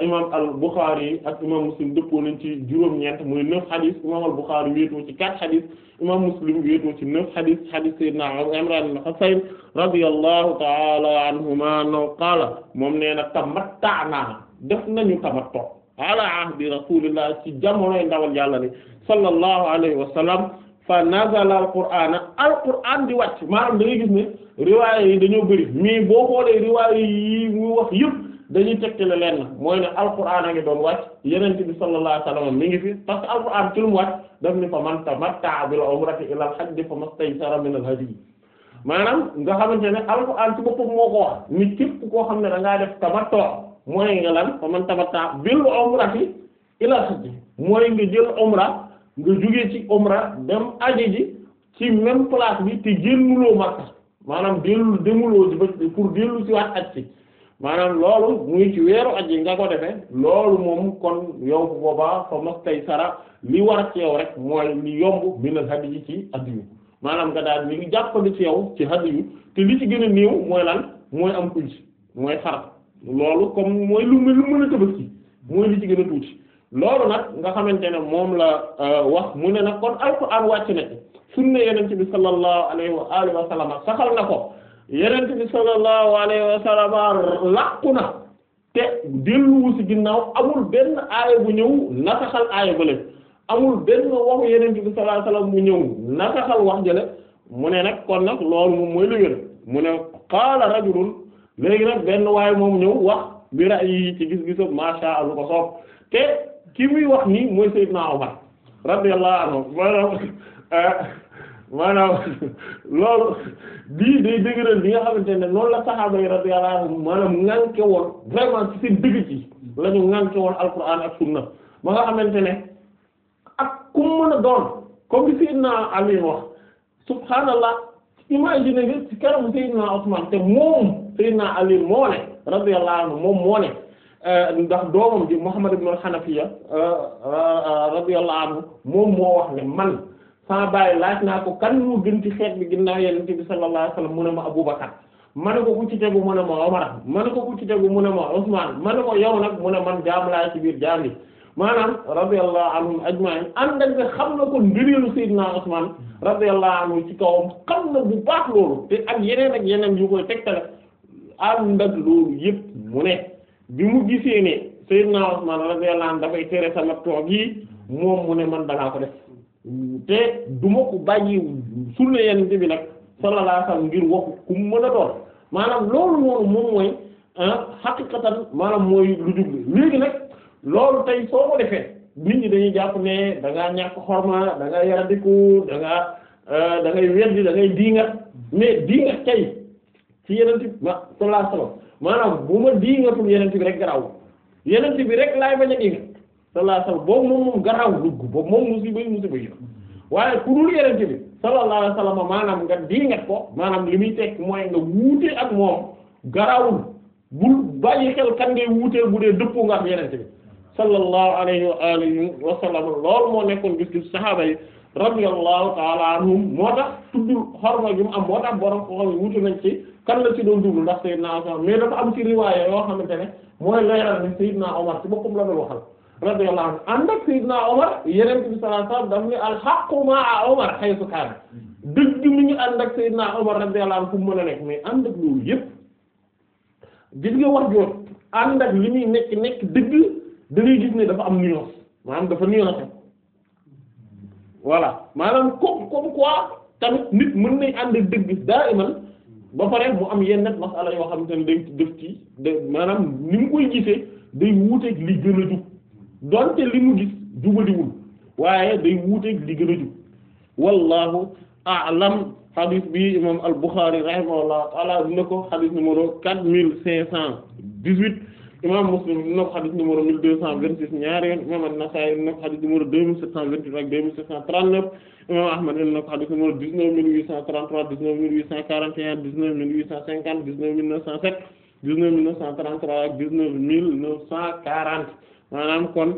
imam al Bukhari ak imam Muslim dëppoo nañ ci juróom-ñeent muy neuf hadith imam al Bukhari wéetoo ci quatre hadith imam Muslim wéetoo ci neuf hadith hadith sayyidina Imran ibn Husayn radiyallahu ta'ala anhuma no qaala moom nee na tamatta'na def nañu tamattu ala ahdi rasulillah ci jamonoy ndawal yàlla ni sallallahu alayhi wa sallam fa nazala alqur'ana alqur'an di wàcc maanaam da ngay gis ne riwaaya yi dañoo bëri mais boo xoolee riwaaya yi muy wax yëpp dañuy tegtale leen na mooy ne alqur'an a ngi doon wàcc yeneen bi sallallahu alayhi wa sallam ngi fi parce que alqur'an ci lu fa man tamatta'a bil umrati ila al-hajj fa mastaysara min al-hadyi nga xamante ne alqur'an ci boppam moo ko wax ni képp koo xam ne da ngaa def tamattu mooy nga man tamatta bil umrati ila hajji mooy nga jël umra nga jógee ci umra dem aji ji ci même place bi te génnuloo Makka maanaam dellu demuloo ji pour dellu ci waat aj ci maanaam loolu muy ci weeru aj yi nga ko defee loolu moom kon yow boobaa fa mastay sara li war a ci yow rek mooy li yomb minal hadiyi ci hadiyu maanaam nga daal li ngi jàppandi ci yow ci hadiyu te li ci gën a néew mooy lan mooy am kulli mooy xar loolu comme mooy lu lu mën a tabaski mooy li ci gën a tuuti loolu nag nga xamante ne moom la euh, wax mu ne nag kon alxuraan wàcc na sunna yenent bi sallallahu alayhi wa alihi wa sallam saxal na ko yenent bi sallallahu alayhi wa ginnaaw amul benn aaya bu ñëw nasaxal aaya ba amul benn waxu yenent bi sallallahu alayhi wa sallam bu ñëw nasaxal wax jële mu ne nag kon nag loolu moom mooy lu wér mu ne qaala rajulun léegi nag benn waaye moom ñëw wax bi ra'yi ci gis-gisam macha allah ko soob te ki muy wax nii mooy Seydina Omar radiyallahu anhu maanaam euh, maanaam loolu bii day dëgëral li nga xamante ne noonu la saxaaba yi radiyallahu anhum maanaam ŋànke woon vraiment ci seen dëgg ci la ñu ŋànke woon alquran ak sunna ba nga xamante ne ak ku mën a doon comme bi Seydina Ali wax subhaanallah imagine nga ci kanamu Seydina Usmaan te moom Seydina Ali moo ne radiyallahu anhu moom moo ne eh, ndax doomam ji Muhammad ibn al-Hanafiya eh, eh, radiyallahu anhu moom moo wax ne man sama baay laaj naa ko kan moo gën ci xeet bi ginnaaw Yonent bi sallallahu alayhi wasallam mu ne ma Abu Bakar ma ne ko ku ci tegu mu ne ma Omar ma ne ci tegu mu ne ma Usman ma ne nag mu ne man jaam laa ci biir jaam yi maanaam radiyallahu anhum ajma'in ànd ak nga xam na ko ngëneelu Seydina Usman radiyallahu anhu ci kawam xam na bu baax loolu te ak yeneen ak yeneen yu koy ànd ak loolu yëpp mu ne bi mu gisee ne Seydina Usmaan radiyallahu anhu dafay tere sama toog yi moom mu ne man danaa ko def te du ma ko bàyyi sunna yenente bi nag sallallahu alayhi ngir waxu ku mu mën a doon maanaam loolu noonu moom mooy ah, xaqiqatan maanaam mooy lu jublu léegi nag loolu tey soo ko defee nit ñi dañuy jàpp ne da ñàkk xorma da nga yaradiku da nga ah, da ngay weddi da mais diingat tey ci yenent bi ma sallallahu alayhi bu ma diingatul yenent bi rek garaw yenent bi rek laay bañ a dinga sallallahu alayhi wasallam boobu moom moom garaw dugg boobu moom musiba yi musiba yi waaye ku dul yenent bi sallallahu alayhi wasallam maanaam nga diingat ko maanaam li muy teg mooy nga wuute ak moom garawul bul bàyyi xel kan ngay wuuteel bu dee dëppoo nga am yenent bi sallallahu alayhi wa alihi wa sallam loolu moo nekkoon gis gis saxaaba yi radiyallahu ta'ala anhum moo tax tudd xorma gi am moo kan la ci doon jublu ndax Seydina Usmaan mais dafa am ci riwaaya yoo xamante ne mooy leeral ni Seydina Omar ci boppam la doon waxal radiyallahu anhu ànd ak Seydina Omar yeneen bi sallallahu alayhi wasallam daf ne al-haqqu ma'a Omar haythu dëgg mi ngi ànd ak Seydina Omar radiyallahu anhu fu mu mën a nekk mais ànd ak loolu yëpp gis nga wax joot ànd ak li muy nekk nekk dëgg da gis ne dafa am nuance maanaam dafa nuance voilà maanaam comme comme quoi tamit ànd ak ba pare mu am yenn masala yoo xam ne day def ci de maanaam ni mu koy gisee day wuuteeg li gën a donte li mu gis jubadiwul waaye day wuuteeg li gën a jub wallahu a'lam xadis bi imam al Bukhari rahimahullah taala dina ko xadis numéro quatre mille cinq cent dix-huit imam Muslim indi na ko xadis numéro mille deux cent vingt six ñaari yoon imam An-Nasa'i indi na ko xadis numéro deux mille sept cent vingt huit ak deux mille sept cent trente neuf imam Ahmad indi na ko xadis numéro dix neuf mille huit cent trente trois dix neuf mille huit cent quarante et un dix neuf mille huit cent cinquante dix neuf mille neuf cent sept dix neuf mille neuf cent trente trois ak dix neuf mille neuf cent quarante maanaam kon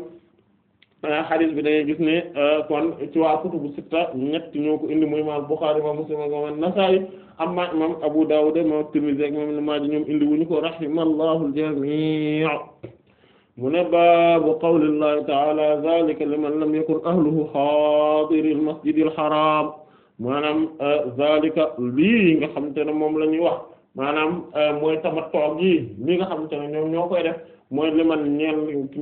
xadis euh, bi da ngay gis ne euh, kon ci waa kutubu sitta ñett ñoo ko indi muy imam Bukhari imam Muslim ak imam An-Nasa'i amma imam Abu Dawud imam Tirmidhi ak imam Ibn Maaja ñoom indi wuñu ko rahimallahu al-jamii' mu ne baabu qawlillahi ta'ala zalika liman lam yakun ahluhu hadiril masjidil haram maanaam euh, zalika lii nga xamante ne moom la ñuy wax maanaam euh, mooy tamattu gi li nga xamante ne ñoom ñoo koy def mooy li man ñeen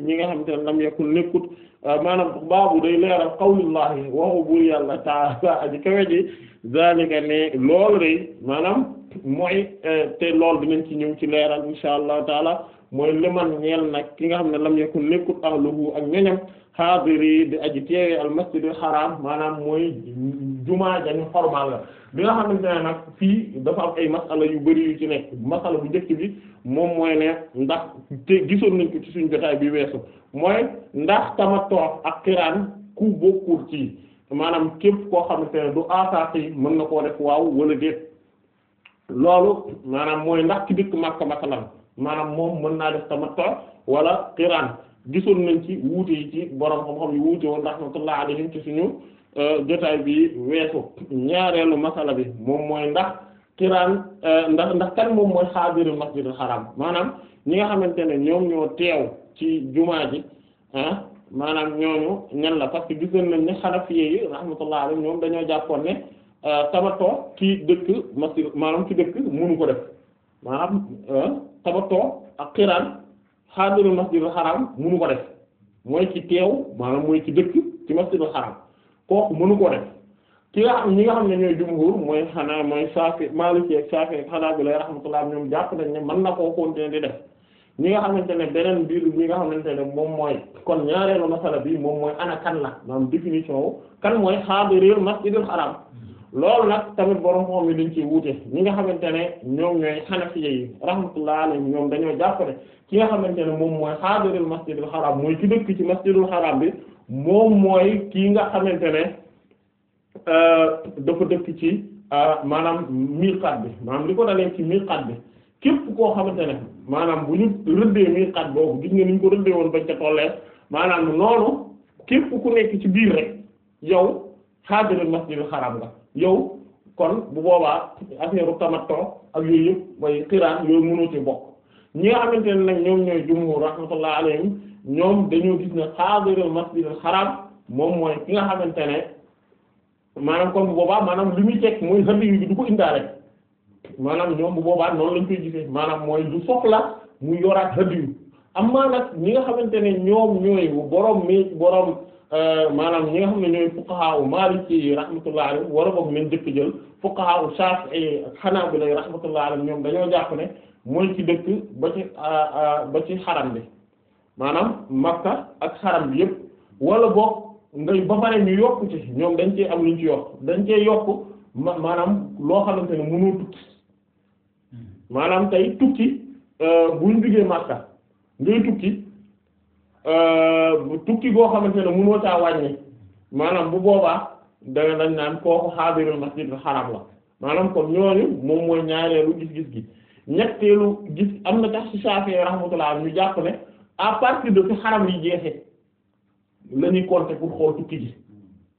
ñi nga xam te ne lam yakun nekkut ah, maanaam baabu day leeral qawlullahi waxu buur yàlla taala aji kawe ji zalika ne loolu day maanaam mooy eh, te lool loolu dinañ ci ñëw ci leeral insha allahu taala mooy li man ñeel nag ki nga xam ne lam yakun nekkut ahluhu ak ñoñam xaadiri di aji teewee al masjidil xaraam maanaam mooy jumaa jañu formal la bi nga xamante ne nag fii dafa am ay masala yu bari yu ci nekk masala bu njëkk bi moom mooy ne ndax te gisoon nañ ko ci suñu jotaay bi weesu mooy ndax tamattu ak xiraan ku bokkul ci maanaam képp koo xamante ne du asaas yi mën na koo def waaw wala déet loolu maanaam mooy ndax ci dëkk Makka masalan maanaam moom mën naa def tamattu wala xiraan gisoon nañ ci wuute yi ci borom xam-xam yu wuute woon rahmatullah alayhim ci suñu Euh, jotaay bi weesu ñaareelu masala bi moom mooy ndax kiraan euh, ndax ndax kan moom mooy xaadirul masjidul xaram maanaam ñi nga xamante ne ñoom ñoo teew ci jumaa ji ah, maanaam ñooñu ñan la parce que gisoon nañ ne xanafiye yi rahmatullah alayhi ñoom dañoo jàppoon ne euh, tabatoo ci dëkk masjid maanaam ci dëkk mënu ko def maanaam tabatoo ak kiraan xaadirul masjidul xaram mënu ko def mooy ci teew maanaam mooy ci dëkk ci masjidul xaram kooku mënu ko def ki nga xam ñi nga xam ne ñooy jumhur mooy xanaa mooy saafi maliki ak saafi ak xanaa bi lay rahmatullah ñoom jàpp nañ ne mën na koo continuer ñi nga xamante ne beneen biir ñi nga xamante ne moom mooy kon ñaareelu masala bi moom mooy ana kan la moom définition wu kan mooy xaadirul masjidul haram loolu nag tamit borom xam liñ dañ ci wuute ñi nga xamante ne ñoom ñooy xanafiya yi rahmatullah alayhi ñoom dañoo jàpp ne ki nga xamante ne moom mooy xaadirul masjidul haram mooy ci dëkk ci masjidul haram bi moom mooy kii nga xamante ne euh, dafa dëkk ci euh, maanaam miqaat bi maanaam li ko dalee ci miir miqaat bi képp koo xamante ne maanaam bu ñu rëddee miqaat boobu gis nga ni ñu ko rëddee woon bañ ca tollee maanaam noonu képp ku nekk ci biir rek yow xaadirul masjidil xaraam nga yow kon bu boobaa affaire tamattu ak yooyu yëpp mooy xiraan yooyu mënoo ci bokk ñi nga xamante ne nag ñoom ñooy jumhur rahmatullah alayhim ñoom dañoo gis ne xaadirul masjidil xaraam moom mooy ki nga xamante ne maanaam comme bu boobaa maanaam li muy teg mooy xënd yu du ko indaale maanaam ñoom bu boobaa noonu lañ koy gisee maanaam mooy du soxla mu yoraat xënd yu am maa nag ñi nga xamante ne ñoom ñooy borom mi borom euh, maanaam ñi nga xam ne ñooy fuqaha u maliki yi rahmatullah alayhi war a bokk men dëkk jël fuqaha u shafi'i hanabila rahmatullah alayhi ñoom dañoo jàpp ne mooy ci dëkk ba ci euh, euh, ba ci xaran bi maanaam makka ak xaram bi yëpp wala boog ngay ba pare ñu yokk ci ñoom dañ ci am lu ci yokk dañ cee yokk ma maanaam loo xamante ne mënoo tukki maanaam tey tukki euh, bu ñu jugee makka ngay tukki euh, tukki goo xamante ne mënoo caa wàññi maanaam bu boobaa danga dañ naan kooku xaadirul masjidul xaram la maanaam kon ñooñu moom mooy ñaareelu gis-gis gi ñetteelu gis am na tax ci Shafi'i rahmatullah ñu jàpp ne. à partir de fi xaram yi jeexee la ñuy pour xool tukki ji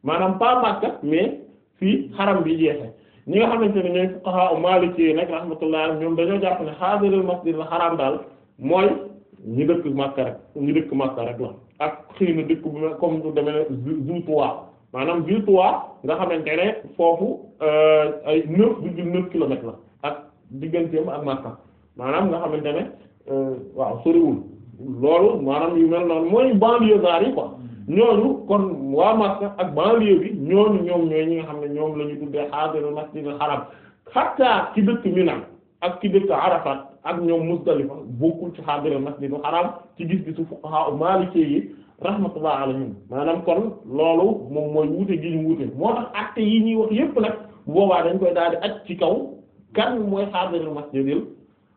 maanaam pas Makka mais fii xaram bi jeexee ñi nga xamante ne ñooy fuqaha maliki nag rahmatullah ñoom dañoo jàpp ne xaadirul masjid la xaram daal mooy ñu dëkk Makka rek ñu dëkk Makka rek la ak xëy dëkk bu comme du demee Zul Tuwa maanaam Zul Tuwa nga xamante ne foofu euh, ay neuf virgule neuf kilomètres la ak digganteem ak Makka maanaam nga xamante euh, waaw soriwul. loolu maanaam yu mel noonu mooy banlieusards yi quoi ñooñu kon waa Makka ak banlieue bi ñooñu ñoom ñooy ñi nga xam ne ñoom la ñu tuddee xaadirul masjidil haram xatta ci dëkk Mina ak ci dëkk Arafat ak ñoom Muzdalifa bokkul ci xaadirul masjidil haram ci gis-gisu fuqaha maliki yi rahmatullah alayhim maanaam kon loolu moom mooy wuute gi ñu wuute moo tax actes yi ñuy wax yépp nag boobaa dañ koy daal di aj ci kaw kan mooy xaadirul masjidil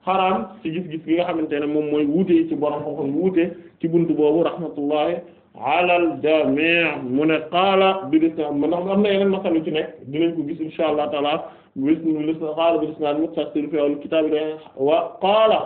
xaraam ci gis-gis bi nga xamante ne moom mooy wuute ci borom xam-xam wuute ci buntu boobu rahmatullahi alal jamii mu ne qaala bi lisnaad man ndax am na yeneen masal ci nekk dinañ ko gis insha allah taala bilisna qaala bi lisnaad muttasil fi al kitaab la wa qaala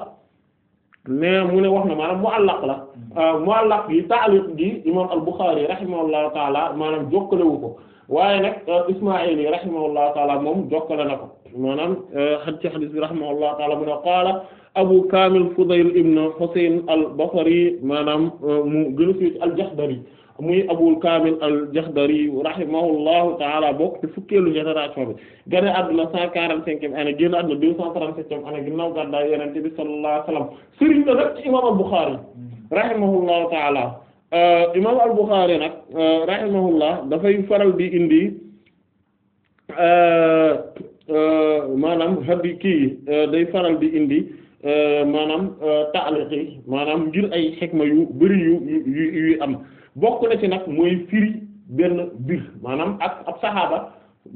mais mu ne wax na maanaam muallaq la hmm. uh, muallaq yi taaliq gi imam al-Bukhari rahimahullahu taala maanaam jokkalewu ko waaye nag uh, Ismaa'il yi rahimahullahu taala moom jokkale na ko maanaam euh, ci hadis bi rahimahullahu taala mu ne qaala Abu Kaamil Fudayl ibn Husayn al-Basri maanaam euh, mu gën a siiw ci al-Jahdari muy Abu Kaamil al-Jahdari rahimahullahu taala bokk ci fukkeelu génération bi génn àdduna cent quarante-cinquième année génn àdduna deux cent trente-septième année ginnaaw gàddaay Yonent bi sallallahu alayhi wa sallam sëriñ la nag ci imaam al-Bukhari rahimahullahu taala euh, imaam al-Bukhari nag rahimahullah dafay faral di indi Euh, maanaam hadi kii euh, day faral di indi euh, maanaam taaliq maanaam ngir ay xikma yu bari yu yu yu am bokk na ci nag mooy firi benn mbir maanaam ak ab saxaaba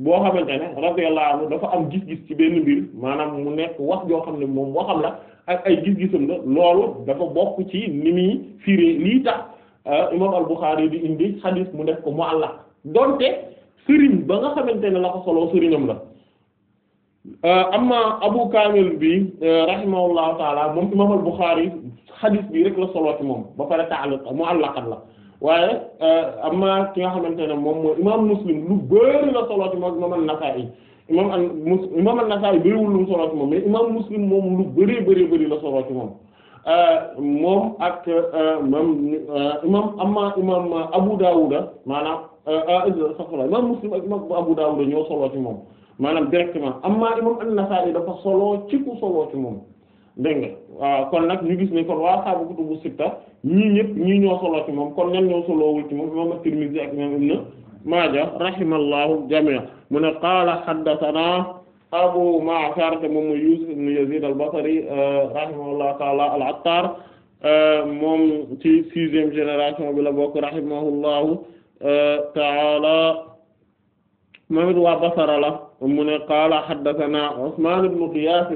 boo xamante ne radiyallahu anhu dafa am gis-gis ci benn mbir maanaam mu nekk wax joo xam ne moom waxam la ak ay gis-gisam la loolu dafa bokk ci ni muy firi lii tax imam al di indi xadiis mu def ko mu àlla donte sëriñ ba nga xamante ne la ko soloo sëriñam la Euh, amma Abu Kamil bi euh, rahimahullahu taala moom imam al-Bukhari xadis bi rek la solo ci moom ba pare ta'alluq mu'allaqat la waaye euh, amma ki nga xamante ne moom mooy imam Muslim lu bëri la solo ci moom imam an-Nasa'i imam an Muslim moom lu bëree bëri bëri la solo ci moom moom ak moom amma imam Abu Dawuda maanaam safla imam Muslim Abu Dawuda ñoo solo ci moom maanaam directement amma imam an-Nasa'i dafa solo ci ku solo ci moom dégg kon nag ñu gis ne kon waa saabu kutubu sitta ñii ñëpp ñii ñoo solo ci moom kon ñan ñoo solowul ci moom imam at-Tirmidhi ak imam Ibn Maaja rahimallahu jami'a mu ne qaala haddathana Abu Ma'far te moom Yusuf ibn Yazid al-Basri euh, rahimahullahu ta'ala al-Attar euh, euh, moom it waa Basra la mu ne qaala haddathana Usmaan ibn Qiyaas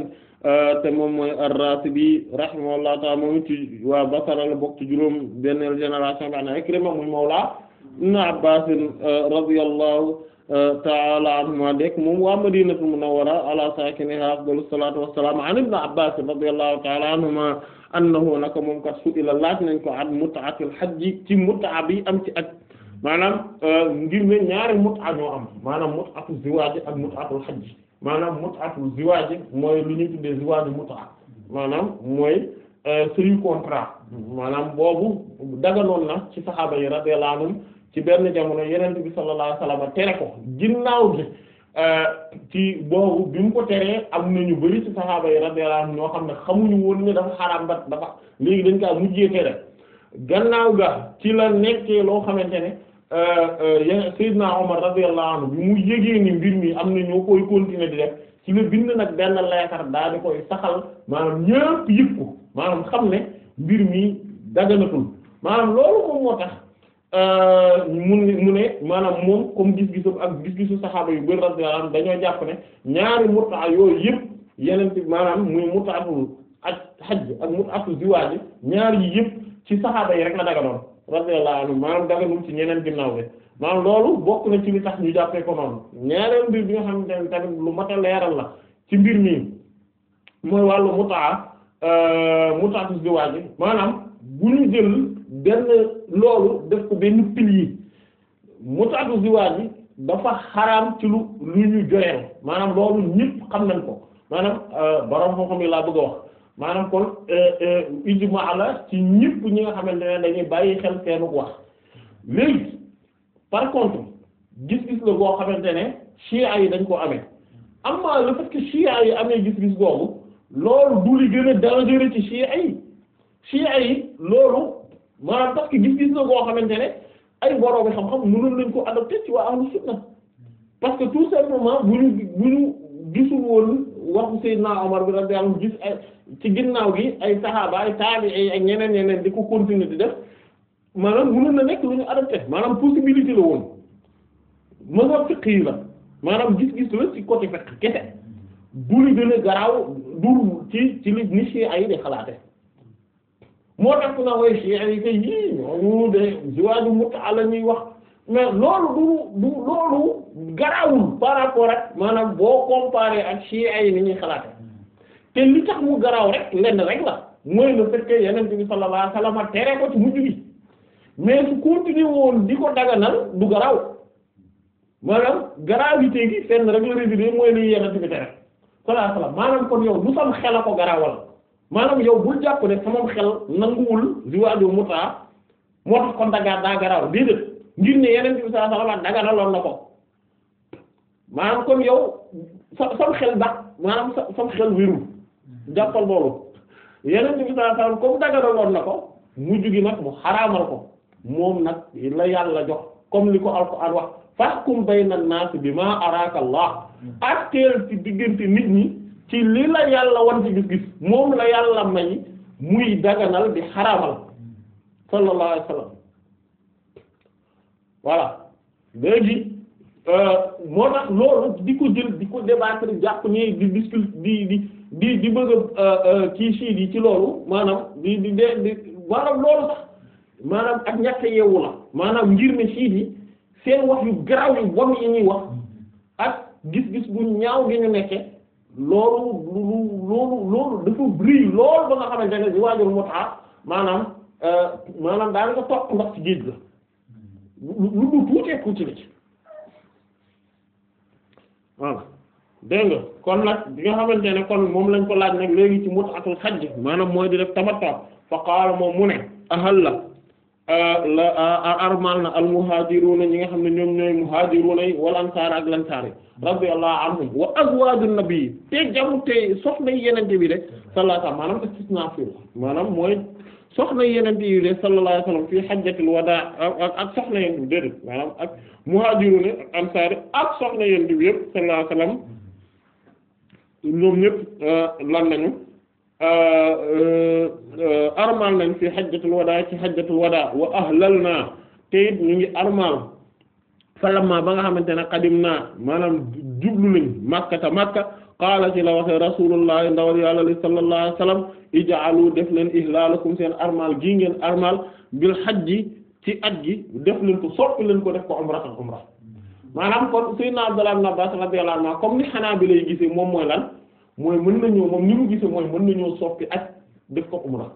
euh, te moom mooy ar-Raasibi rahimahullahu ta'ala moom ci waa Basra la bokk ci juróom benneel génération bi an Ikrima muy mawla ibn Abbaas euh, radiyallahu euh, ta'ala anhuma dëkk moom waa Madiinatul Munawwara ala saakinihaa afdalu salaatu wa salaam an ibn Abbaas radiyallahu ta'ala anhuma annahu naka moom kat su'ila laaj nañ ko an mut'atil hajj ci mut'a bi am ci ak maanaam euh, ngir ne ñaari mut'a ñoo am maanaam mut'atu ziwaaj ak mut'atul hajj maanaam mut'atu ziwaaj mooy lu ñuy tuddee ziwaaju mut'a maanaam mooy euh, sëriñ contrat maanaam boobu daganoon na ci saxaaba yi radiyallahu anhum ci benn jamono yeneen bi sallallahu alayhi wasallam tere ko ginnaaw euh, ci boobu bi mu ko teree am ñu bari saxaaba yi radiyallahu anhum ñoo xam ne xamuñu woon ne dafa xaraam ba dafa léegi dañ kaa mujjee tere gannaaw ga ci la nekkee loo xamante ne Euh, euh, Seydina Omar radiyallahu anhu bi mu yégee ni mbir mi am na ñoo koy continuer di def ci la bind nag benn leetar daa di koy saxal maanaam ñëpp yëg ko maanaam xam ne mbir mi daganatul maanaam loolu moom moo tax euh, mu ne maanaam moom comme gis-gisu ak gis-gisu saxaaba yu bari radiyallahu anhu dañoo jàpp ne ñaari murtaa yooyu yëpp yeneen bi maanaam muy murtaatul ak xaj ak murtaatul ziwaaj ñaar yi yëpp ci saxaaba yi rek la daganoon radiyallahu anhu maanaam daganul ci ñeneen ginnaaw bi maanaam loolu bokk na ci li tax ñu jàppee ko noonu ñaareel mbir bi nga xamante ne tamit lu mat a leeral la ci mbir mi mooy wàllu mutaa mutaa ci bi maanaam bu ñu jël benn loolu def ko benn pilier mutaa ci diwaan bi dafa xaraam ci lu lu ñu joyal maanaam loolu ñëpp xam nañ ko maanaam euh, borom xam-xam yi laa bëgg a wax. maanaam kon euh, euh, ijmaa la ci ñëpp ñi nga xamante ne dañuy bàyyi xel seenu wax léegi par contre gis-gis la boo xamante ne chia yi dañ ko amee amma le fait que chia yi amee gis-gis boobu loolu du li gën a dangereux ci chia yi chia yi loolu maanaam parce que gis-gis la boo xamante ne ay boroomi xam-xam mënoon nañ ko adopté ci waa ahlu sunna parce que tout simplement bu ñu bu ñu gisul woon waxu Seydina Omar bi radiyallahu anhu gis ay ci ginnaaw gi ay saxaaba ay taabi'i ak ñeneen ñeneen di ko continuer di def maanaam mënoon na nekk lu ñu adopté maanaam possibilité la woon mazhab fiqhi maanaam gis-gis la ci côté fiqh kese du li gën a garaaw du ci ci li ni Shia ay di xalaate moo tax ku na woy Shia yi kay yii ñooñu de ziwaaju mut'a la ñuy wax mais loolu du du loolu garaawul par rapport ak maanaam boo comparé ak chiites ay ni ñuy xalaate te li tax mu garaaw rek lenn rek la mooy le fait que yonent bi sallallahu alayhi wasallam tere ko ci mujj bi mais su continuer woon di ko daganal du garaaw maanaam gravité gi fenn rek la résidé mooy li yonent bi tere sallallahu alayhi maanaam kon yow du sam xel a ko garaawal maanaam yow bul jàpp ne samam xel nanguwul ziwaaju mutaa moo tax ko dagaa daa garaaw déedéet ngir ne yonent bi sallallahu na ko maanaam comme yow sa sam xel dax maanaam sa sam xel wérul mm-hmm. jàppal loolu yeneen bi saa saa comme daganaloon na ko mujj gi nag mu xaraamal ko moom nag la yàlla jox comme li ko alxuraan wax fahkum bayna naas bimaa araaka Allah àtteel mm-hmm. ci diggante nit ñi ci li la yàlla wan ci gis moom la yàlla may muy daganal di xaraamal mm-hmm. sallallahu alayhi wa léegi Euh, moo tax loolu di ko jël di ko débattre jàpp ni di discuter di di di bëgg ci euh, euh, kii siit yi ci loolu maanaam di di de di maanaam loolu sax maanaam ak ñett yeewu la maanaam ngir ne siit yi seen wax yu garaaw yu bon yi ñuy wax ak gis-gis bu ñaaw gi ñu nekke loolu lu loolu loolu dafa bëri loolu ba nga xamante ne di waajur moo tax maanaam maanaam daal nga ndox ci géej la lu lu tuutee tuuti la ci voilà dégg nga kon nag bi nga xamante ne kon moom lañ ko laaj nag léegi ci mut'atul hajj maanaam mooy di def tamattu fa qaala moom mu ne ahalla la armal na almuhajiruna ñi nga xam ne ñoom ñooy muhajiruna yi wal ansaar ak lansaar yi radiyallahu anhum wa azwaajun nabi te jamu te soxna bi de sallallahu alayhi wasallam maanaam istisna fi maanaam mooy soxna yeneen yi de sallallahu alayhi wasallam fii hajjatul wadaa ak soxna yeneen bi déedéet maanaam yëpp sallallahu alayhi wasallam ñoom ñëpp euh, lan euh, euh, nañu armal nañ fi hajjatul wadaa ci hajjatul wadaa wa ahlalnaa te it ñu ngi armal falamma ba nga xamante ne qadim naa maanaam jublu nañ makkata makka qaala ci la waxee rasulullah ndawal yàlla li sallallahu alayhi wasallam ij'alu def leen ihlaalakum seen armal gi ngeen armal bil hajji ci at gi def leen ko soppi leen ko def ko umratan umra maanaam kon sayyidina Abdullah ibn Abbas radiyallahu anhu comme xanaa bi lay gisee moom mooy lan mooy mën nañoo moom ni mu gisee mooy mën nañoo soppi at def ko umra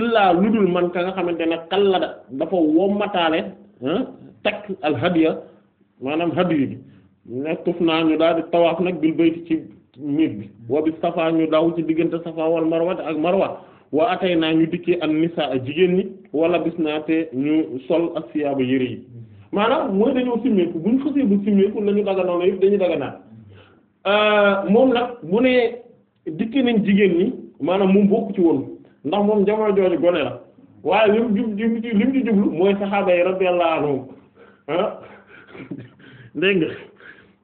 illaa ludul man ka nga xamante ne kallada dafa womataale takk al hadiya maanaam hadiya bi nekkuf naa ñu daal di tawaaf nag bil bayti ci néeg bi mm-hmm. wa bi safa ñu daw ci diggante safa wal marwa ak marwa wa atay naa ñu dikkee ak an nisaa jigéen ñi wala bis naa te ñu sol ak siyaaba yëre yi mm-hmm. maanaam mooy dañoo simmeeku bu ñu xasee bu simmeeku la mm-hmm. euh, moom nag bu ne dikki nañ jigéen ñi maanaam moom bokku ci woon ndax moom jamono jooju gone la waaye lim jub lim ci jublu mooy saxaaba yi radiyallahu anhum ah dégg nga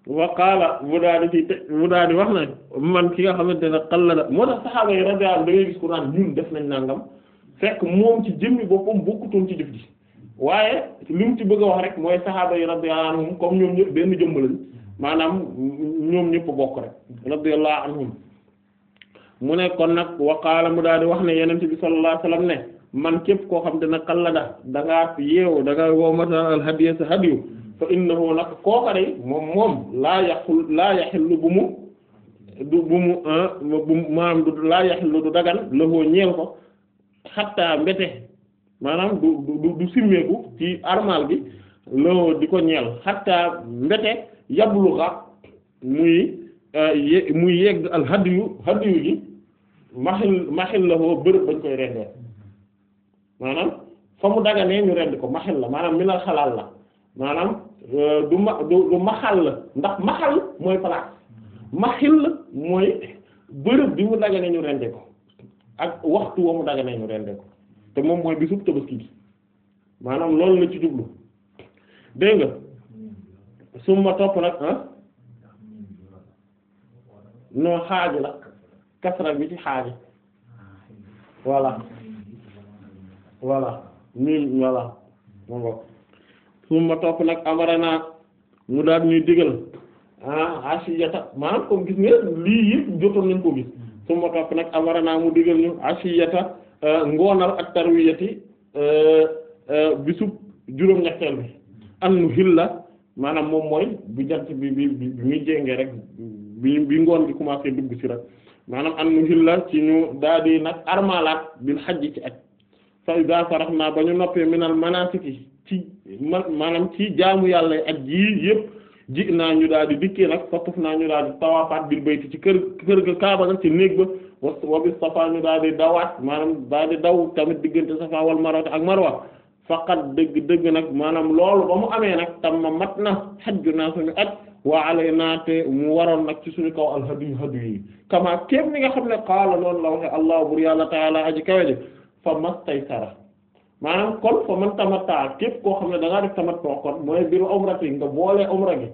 wakaala qaala mu daal di ci mu daal di wax na man ki nga xamante ne xalla la moo tax saxaaba yi radiyallahu da ngay gis ku ñun def nañ nangam fekk moom ci jëmmi boppam bokkutoon ci jëf ji waaye li mu ci bëgg a wax rek mooy saxaaba yi radiyallahu anhum comme ñoom ñëpp benn jëmm lañ maanaam ñoom ñëpp bokk rek radiyallahu mu ne kon nag wa mu daal di wax ne yenente bi sallallahu alayhi wasallam ne man képp koo xam te ne xalla da da ngaa yeewu da nga woo mata al hadiya sa hadiyu fa innahu nag kooka day moom moom laa yaqul laa yaxillu bu mu du bu mu ah, bu maanaam du laa yaxillu du dagan lahoo ñeel ko xattaa mbete maanaam du du du simmeeku ci armal bi lahoo di ko ñeel xattaa mbete yabluga muy ah, muy yegg al hadiyu hadiyu gi maxil maxil lahoo bërëb bañ koy rendee maanaam fa mu daganee ñu rend ko maxil la maanaam mi la xalaal la maanaam Euh, du ma du du maxal la ndax maxal mooy place maxil la mooy bërëb bi mu dagane ñu rende ko ak waxtu wa mu dagane ñu rende ko te moom mooy bisub tabaski bi maanaam loolu la ci jublu dégg nga su ma topp nag ah non la kasra bi ci xaaju voilà voilà mil voilà moom summa topp nag amarana mu daal ñuy digal ah ashiyata maanaam comme gis nga lii yëpp jotoon nañ ko gis summa topp nag amarana mu digal ñu ashiyata euh, ngoonal ak tarwiyati euh, euh, bisub juróom-ñetteel bi an nu hilla maanaam moom mooy bu jant bi bi bi muy jéngee rek bi bi ngoon bi commencé dugg ci rek maanaam an nu hilla ci ñu daal nag armalaat bil xajj ci aj fa ida farax naa ba ñu noppee minal manasiki ci maanaam ci jaamu yàlla ak ji yëpp ji naa ñu daal di dikkee nag fatuf naa ñu daal di tawaafaat bil bayti ci kër kër ga kaaba nag ci néeg ba wa bi safa ñu daal di dawaat maanaam daal di daw tamit diggante safa wal marwa ak marwa faqat dëgg dëgg nag maanaam loolu ba mu amee nag tam ma mat na xajju naa suñu at waa alay naate mu waroon nag ci suñu kaw alhadiyu hadiyu yi kama kéem ni nga xam ne qaala lool la waxe allah bur yàlla taala aji kawe ji fa mastaysara maanaam kon fa man tamatta képp koo xam ne da ngaa def tamatta kon mooy biru umra nga boolee umra gi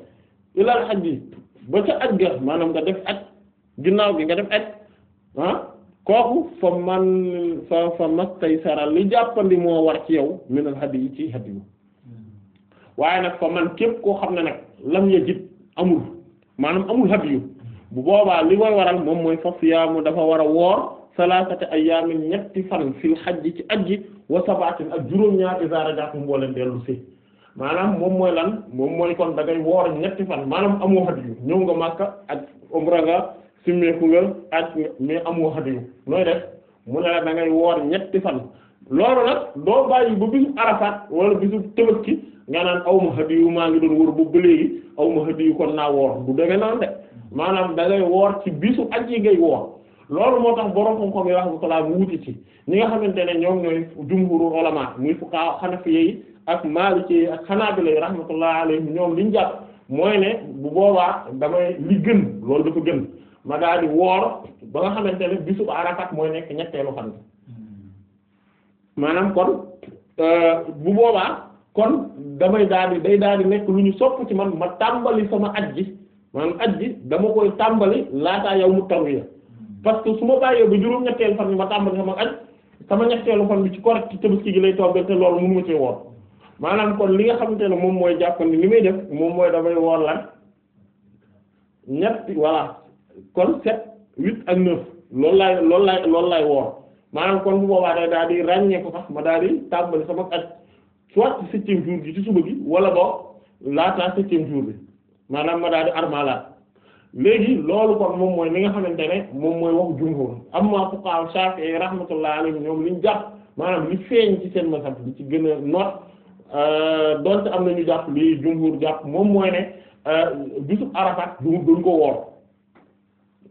ilal xaj ji ba ca aj ga maanaam nga def aj ginnaaw gi nga def aj ah, kooku fa man fa fa mastay saral li jàppandi moo war ci yow minal hadi yi ci hadi yu waaye nag fa man képp koo xam ne nag lam ya amul maanaam amul hadi yu bu boobaa li koy waral moom mooy fa siyaamu dafa war a woor salaasata ayyaamin ñetti fan fil xajji ci ajji wa sabaatin ak juróom-ñaar iza a boo leen dellu si maanaam moom mooy lan moom mooy kon dangay ngay woor ñetti fan maanaam amoo hadiyu ñëw nga Makka ak umra nga simmeeku nga ak mais amoo hadiyu nooy def mu ne la da ngay woor ñetti fan loolu nag doo bàyyi ba bisu Arafat wala bisu Tabaski nga naan aw ma hadiyu maa ngi doon wër ba léegi aw ma hadiyu kon naa woor du demee naan de maanaam da ngay woor ci bisu aji ngay woor. loolu moo tax borom xam-xam yi rahmatullah mu wuti ci ñi nga xamante ne ñoom ñooy jumhuru ulama muy fuqaha hanafiyyi yi ak maliki ak hanabila yi rahmatullah alayhim ñoom liñ jàpp mooy ne bu boobaa damay li gën loolu dafa gën ma daal woor ba nga xamante ne bisu mooy nekk ñetteelu fan maanaam kon euh, bu boobaa kon damay daal day daal di nekk lu ñu sopp ci man ma tàmbali sama aj ji maanaam aj dama koy tàmbali laataa yow mu tarwiya parce que su ma bàyyee ba juróom-ñetteelu fan bi ma tàmbali sama añ sama ñetteelu fan bi ci correct ci tabaski gi lay tombé te loolu mënu ma ci woor maanaam kon li nga xamante ne moom mooy jàppandi li muy def moom mooy damay woor lan ñetti voilà kon laay loolu laay loolu bu boobaa day daal di ràññee ko sax daal di tàmbali sama at soit bi wala bo laataa septième bi maanaam ma daal di armalaat léegi loolu kon moom mooy li nga xamante ne moom mooy waxu jumhur amma fuqaha Shafi'i rahmatullahi alayhim ñoom liñ jàpp maanaam li feeñ ci seen masab bi ci gën a noot euh, donte am na ñu jàpp li jumhur jàpp moom mooy ne euh, bisu Arafat du duñ ko woor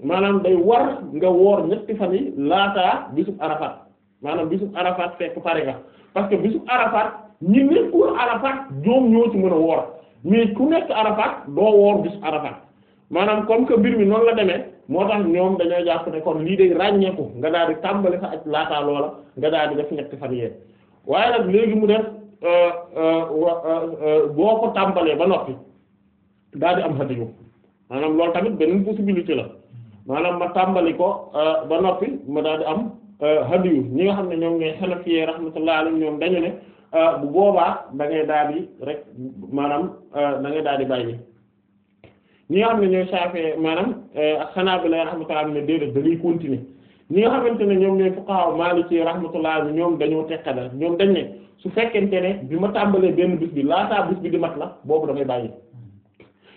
maanaam day war nga woor ñetti fan yi laataa bisu Arafat maanaam bisu Arafat fekk pare nga parce que bisu Arafat ñi nekkul Arafat ñoom ñoo ci mën a woor mais ku nekk Arafat doo woor bisu Arafat. maanaam comme que mbir mi noonu la demee moo tax ñoom dañoo jàpp ne kon lii day ràññeeku nga daal di tàmbali sa ak laataa loola nga daal di def ñetti fan yéen waaye nag léegi mu def euh, euh, euh, boo ko tàmbalee ba noppi daal di am hadiyu maanaam loolu tamit beneen possibilité la maanaam ma tàmbali ko ba noppi ma daal di am hadiyu ñi nga xam ne ñoom ñooy xanafiyee rahmatullahi alayhim ñoom dañu ne bu boobaa da ngay daal di rek maanaam dangay daal di bàyyi. ñi nga na ne ñooy Shafi'i maanaam eh, ak Hanabila rahmatullah ne déedéet dañuy continuer ñi nga xamante ne ñoom ñooy fuqaha Maliki rahmatullah ñoom dañoo teqadal ñoom dañ ne su fekkente ne bi ma tàmbalee benn bis bi laataa bis bi di mat la boobu damay bàyyi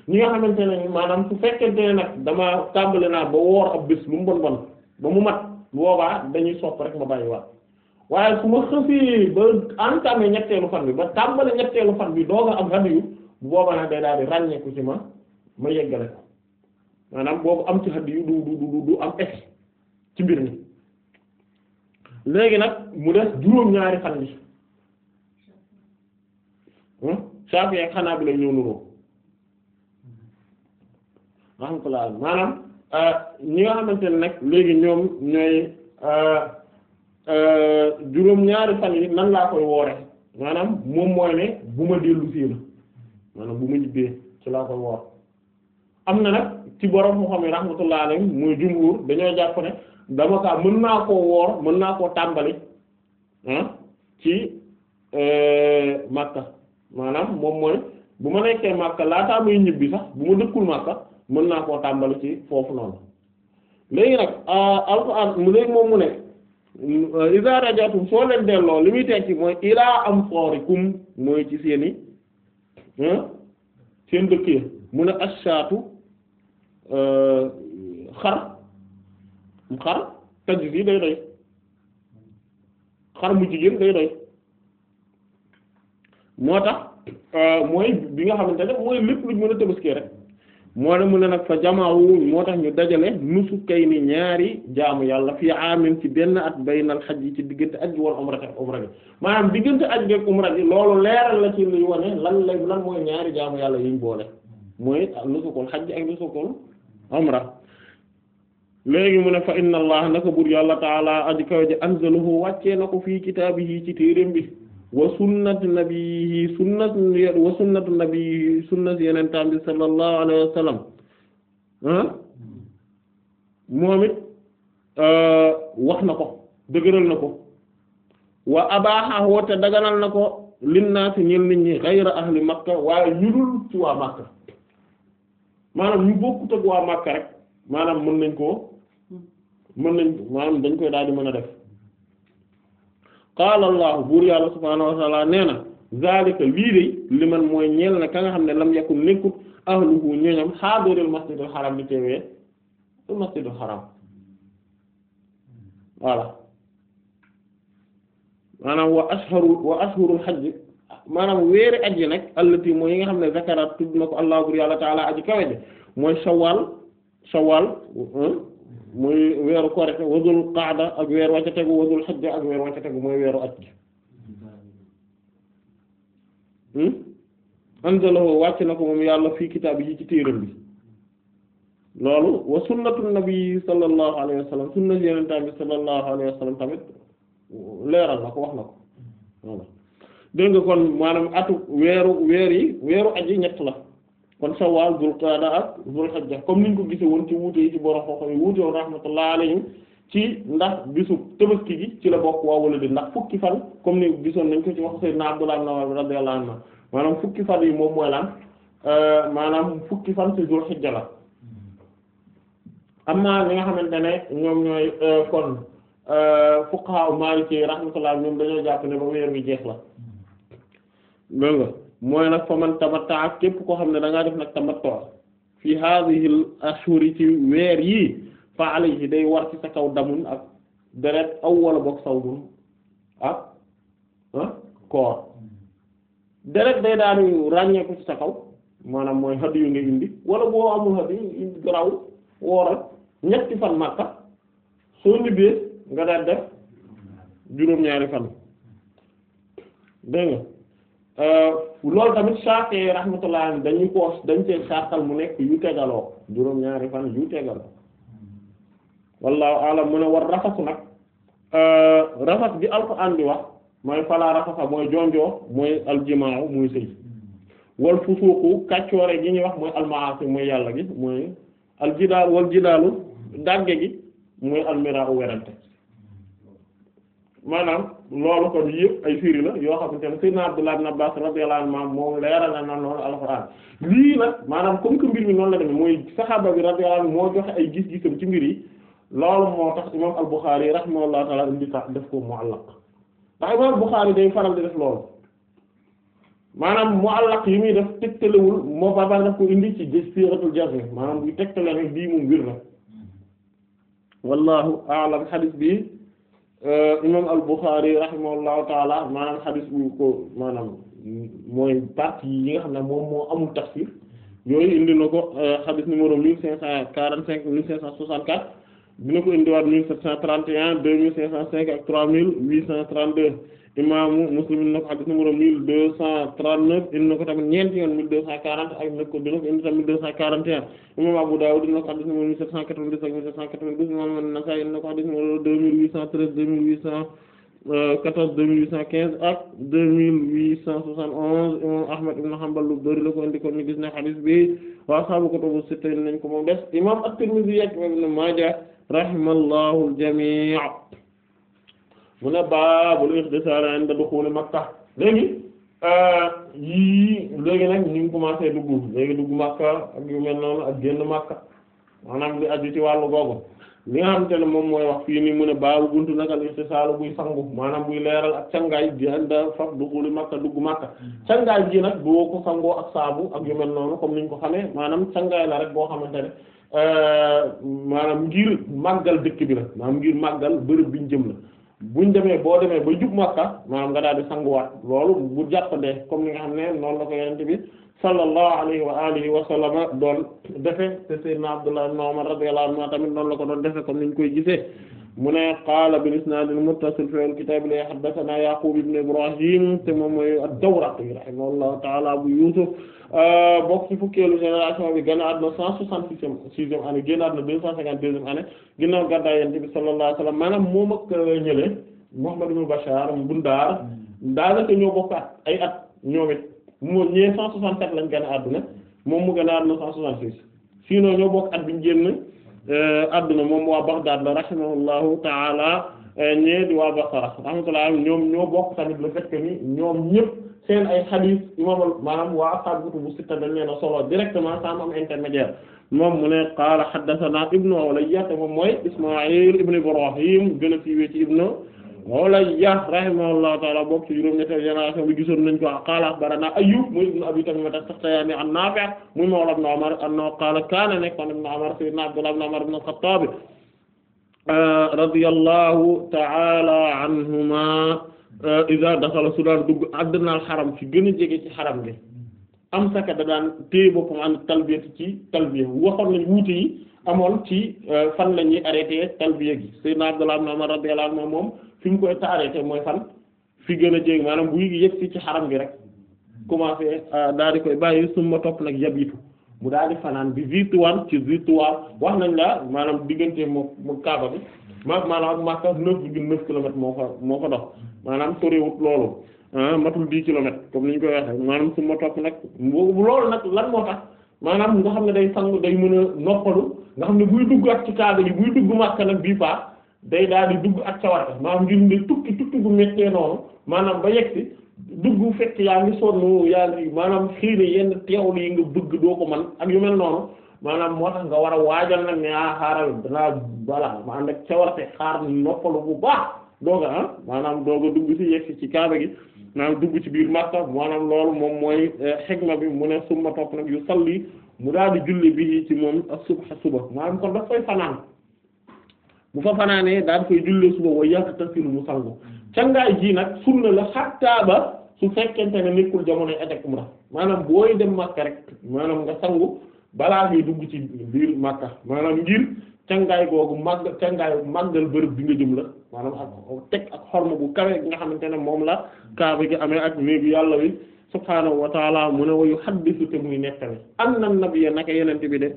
ñi nga xamante ne maanaam su fekkente ne nag dama tàmbale naa ba woor ab bis mu bon bon ba mu mat boobaa dañuy sopp rek ma bàyyi waat waaye su ma xëfee ba entamé ñetteelu fan bi ba tàmbale ñetteelu fan bi dooga am radiyu boobaa nag day daal di ràññeeku ci ma ma yeggale ko maanaam boobu am ci xaddi yu du du du am effet ci mbir mi léegi nag mu des juróom-ñaari xaddi hmm? Shafi'i ak Hanabila ñëw nuroo raxmatullah maanaam euh, ñi nag léegi ñoom ñooy euh, euh, juróom-ñaari fan yi nan laa koy woore maanaam moom mooy ne bu ma dellu fii la maanaam bu ma ñibbee ci laa koy woor am na nag ci borom moo xam ne rahmatullahi alayhi muy jumhur dañoo jàpp ne dama kaa mën naa koo woor mën naa koo tàmbali ah ci euh, Makka maanaam moom mooy bu ma nekkee Makka laataa muy ñibbi sax bu ma dëkkul Makka mën naa koo tàmbali ci foofu noonu léegi nag euh, alquran mu léegi moom mu ne euh, iza rajatum soo leen delloo li muy tekki mooy ilaa am foorikum mooy ci seeni seen dëkk yi mu ne ashaatu Euh, xar xar tajis yi day doy xar mu jigéen day doy moo tax euh, mooy bi nga xamante ne mooy lépp luñ mën a tabaskee rek moo ne mu ne nag fa jamaawuñ moo tax ñu dajale nusu kay ni ñaari jaamu yàlla fii amin ci benn at baynal xaj yi ci diggante aj gi wal umra ak umra gi maanaam diggante aj gi ak umra gi loolu leeral la ci luy wane lan lay lan mooy ñaari jaamu yàlla yiñ boole mooy nusukul xaj ak nusukul umra léegi mu ne fa inna allah naka bur yàlla taala aji kaw ji anzalahu wàccee na ko fii kitaabihi ci téereem bi wa sunnati nabihi sunnat wa sunnatu sunnat yeneen taam bi sallallahu alayhi moom it euh, wax na ko dëgëral na ko wa abaaha woote daganal na ko linnaasi ñel nit ñi xayra ahli makka waaye ñu ci waa makka maanaam ñu bokkut ak waa Makka rek maanaam mën nañ koo mën nañ maanaam dañ koy daal di mën a def qaala Allahu buur yàlla subhaanahu wa ta'ala nee na zalika lii day li man mooy ñeel na ka nga xam ne lam yakun nekkut ahluhu ñoñam haadiril masjidil haram di teewee al masjidil haram voilà maanaam wa ashharu wa ashhurul hajj maanaam weeri yi nag allati mooy yi nga xam ne zakarat tudd na ko allah bur yàlla taala aji kawe ji mooy shawal shawal mooy hmm, weeru korite wazul qaada ak weer wàcca tegu wazul xajja ak weer wàcca tegu mooy weeru aj gi hmm? anzalahu wàcc na ko moom yàlla fii kitaab yi ci téeram bi loolu wa sunnatu nabi sallallahu alayhi wa sallam sunna yeneen bi sallallahu alayhi wa tamit leeral na ko wax na ko dégg nga kon maanaam atu weeru weer yi weeru aji ñett la kon sawaal dul qaada ak dul xajja comme niñ ko gise woon ci wuute yi ci borom woon rahmatullah alayhim ci ndax bisu tabaski gi ci la bokk waa wala di ndax fukki fan comme ni gisoon nañ ko ci wax sayyidna Abdullah ibn Umar radiyallahu anhu maanaam fukki fan yi moom mooy lan euh, maanaam fukki fan ci dul xijja la amma ñi nga xamante ne ñoom ñooy euh, kon euh, fuqaha Maliki rahmatullah ñoom dañoo jàpp ne ba weer wi jeex la loolu nga mooy nag fa man tamatta képp koo xam ne da ngaa def nag tamattu fi hadhihi al ashhuri ci weer yii fa alayhi day war ci sa kaw damun ak deret aw wala boog sawdun ak ah, koor deret day daanu ràññeeku ci sa kaw maanaam mooy xad yu nga indi wala boo amul xad yu garaw wooral ñetti fan màkka soo ñibbee nga daal def juróom-ñaari fan dégg Euh, loolu tamit saate rahmatullah dañuy ko dañ cee sartal mu nekk yu tegaloo juróom-ñaari fan yu tegaloo wallahu alam mu ne war rafasu nag euh, rafas bi alxuraan bi wax mooy falaa rafasa mooy jonjoo mooy aljimaaw mooy sëy wal fusuuqu kàccoore gi ñuy wax mooy almaasi mooy yàlla gi mooy aljidaal wal jidaalu dàgge gi mooy almira u werante maanaam loolu kon yëpp ay firi la yoo xamante ne sayyidna Abdullah ibn Abbas radiyallahu anhu moom leeral na noonu alxuraan lii maanaam comme que mbir mi noonu la mooy saxaaba bi radiyallahu anhu moo joxe ay gis-gisam ci mbir yi moo tax imam al-Bukhari rahimahullahu ta'ala indi tax def ko mu'allaq ndax imam al-Bukhari day faral di def loolu maanaam mu'allaq yi muy def tegtalewul moo ko indi ci siratul jazm maanaam buy tegtale rek bii moom wir la wallahu a'lam hadith bi Euh, imam al-Bukhari rahimahullahu taala maanaam xadis bu ko maanaam mooy partie yi nga xam ne moom moo amul tafsir yooyu indi na ko xadis euh, numéro mille cinq cent quarante cinq mille cinq cent soixante quatre dina ko indiwaat mille sept cent trente un deux mille cinq cent cinq ak trois mille huit cent trente deux imaamu Muslim indi na ko xadis numéro deux cent trente-neuf indi na ko tamit ñeenti yoon mille deux cent quarante ak nag ko dina ko indi tamit mille deux cent quarante et un Abu Dawud indi na ko xadis sept cent quatre-vingt-dix ak mille sept cent quatre-vingt-douze imam An-Nasa'i indi na ko xadis deux mille huit cent treize deux mille huit cent quatorze deux mille huit cent quinze ak deux mille huit cent soixante onze lu bari la ko indi kon ñu gis ne xadis bi waa ko moom des imam At-Tirmidhi mu ne baabul ixtisaar inda duxuuli Makka euh, yii léegi nag ñu ngi commencé dugg léegi dugg Makka yu mel noonu ak génn Makka maanaam li aju ci wàllu googu li nga xamante ne moom mooy wax fii nii mu ne baabu buntu nag al ixtisaalu buy sangu maanaam buy leeral ak cangaay bi inda fab duxuuli Makka dugg Makka cangaay nag boo ko sangoo ak saabu ak yu mel noonu comme niñ ko xamee maanaam cangaay la boo xamante ne euh, maanaam ngir màggal dëkk bi la maanaam ngir màggal bërëb biñ jëm la buñ demee boo demee ba jub Makka maanaam nga daal di sanguwaat loolu bu jàppandee comme ni nga xam ne la ko yenente bi sallallahu alayhi wa alihi wa sallama doon defe te sayyidna Abdullah bu Umar radiyallahu anhu tamit noonu la ko doon defe comme niñ koy gisee mu ne qaala bil isnaadil muttasil fil kitaab li haddathana Yaqub ibn Ibrahim te moom mooy ad-Dawraqi rahimahullahu ta'ala Abu Yusuf bokk ci fukkeelu génération bi gànnaaw àdduna 166e 6e année génn àdduna 252e année ginnaaw gàddaay Yonent bi sallallahu alayhi wasallam maanaam moom ak euh, ñële Muhammad ibn Bashar Bundaar daanaka ñoo bokk at ay moom ñee cent soixante-sept lañ gën a àdduna moom mu gën a àdduna cent soixante-six sinon ñoo bokk at biñ génn euh, àdduna moom waa Baghdad la rahimahullahu taala euh, ñee di waa Basra rahmatullah ñoom ñoo bokk tamit le fait que ñoom ñëpp seen ay xadiis imaamal maanaam waa ashaabu kutubu sitta dañ leen a solo directement sans am intermédiaire moom mu ne qaala haddathana ibnu Ulayya moom mooy Ismaa'il ibnu Ibrahim gën a siiwee ci ibnu Ulayya rahimahullahu ta'ala bokk ci juróom-ñetteelu génération bi gisoon nañ ko qaala akhbaranaa Ayyuub muy ibn Abi Tamiima as-Sakhtiyaani an Naafi' muy mawlaa ibn Umar annahu qaala kaana nekkoon ibn Umar sayyidunaa Abdullah ibn Umar ibn al-Khattaab uh, radiyallahu ta'ala anhumaa uh, idaa dakhala su daan dugg adnal xaram ci gën a jege ci xaram bi am saka da daan téye boppam an talbiya ci talbiya waxoon nañ wuute yi amoon ci uh, fan la ñuy arrêté talbiya gi sayyidunaa Abdullah ibn Umar radiyallahu anhu moom fi ñu koy te mooy fan fi gën a jéeg maanaam bu yëg yëpp ci xaram bi rek commencé euh, daal koy bàyyi suma topp nag yabitu mu daal di fanaan bi Zituwaan ci Zituwaan wax nañ la maanaam diggante mo mu Kaaba bi ma maanaam Makka neuf virgule neuf kilomètres moo ko moo ko dox maanaam soriwut loolu matul dix kilomètres comme ni ñu koy waxee maanaam suma topp nag loolu nag lan moo tax maanaam nga xam ne day sangu day mën a noppalu nga xam ne buy duggaat ci Kaaba bi buy dugg Makka nag bii faa day daal di dugg ak cawarta maanaam ngir ne tukki tukki bu méttee noonu maanaam ba yegg si dugg fekk yaa ngi sonn yaa ngi maanaam xëy na yenn teewlu yi nga bëgg doo ko man ak yu mel noonu maanaam moo tax nga war a waajal nag ne ah xaaral balaa ma ànd ak cawarte xaar noppalu bu baax dooga ah maanaam dooga dugg si yegg ci kaaba gi maanaam dugg ci biir Makka maanaam loolu moom mooy eh, xegma bi mu ne summa topp nag yu salli mu daal di julli bi ci moom ak suba fanaan bu fa fanaanee daan koy jullee suba wa yaxtasilu mu sangu cangaay jii nag sunna la xattaa ba su fekkente ne nekkul jamonoy ajak umra maanaam booy dem Makka rek maanaam nga sangu balaa ngay dugg ci biir Makka maanaam ngir cangaay googu màgg cangaay màggal bërëb bi nga jëm la maanaam ak teg ak ma bu kawe gi nga xamante ne moom la kaaba gi amee ak néegu yàlla wi subhaanahu wa taala mu ne wa yuhaddisu te muy nettali anna nabiyya naka yenente bi de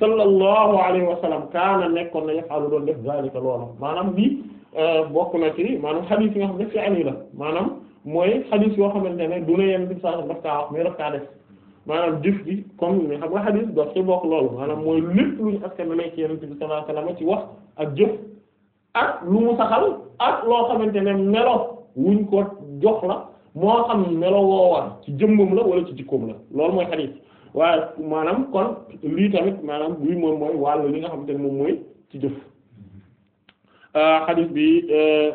sallallahu alayhi wa sallam kaana nekkoon na yafalu doon def zalika loolu maanaam bi euh, bokk na ci maanaam xadiis yi nga xam ne ci ani la maanaam mooy xadiis yoo xamante ne du na yenente bi sallallahu alayhi wa sallam daf kaa wax mais daf kaa def maanaam jëf gi comme xam nga xadiis daf ci bokk loolu maanaam mooy lépp lu ñu askan la ci yenente bi sallallahu wax ak jëf lu mu saxal ak loo xamante ne melo wuñ ko jox la moo xam melo woowa ci jëmmam la wala ci jikkoom la loolu mooy xadiis waaye maanaam kon lii tamit maanaam buy moom mooy wàllu li nga xam te moom mooy ci jëf euh, xadiis bi euh,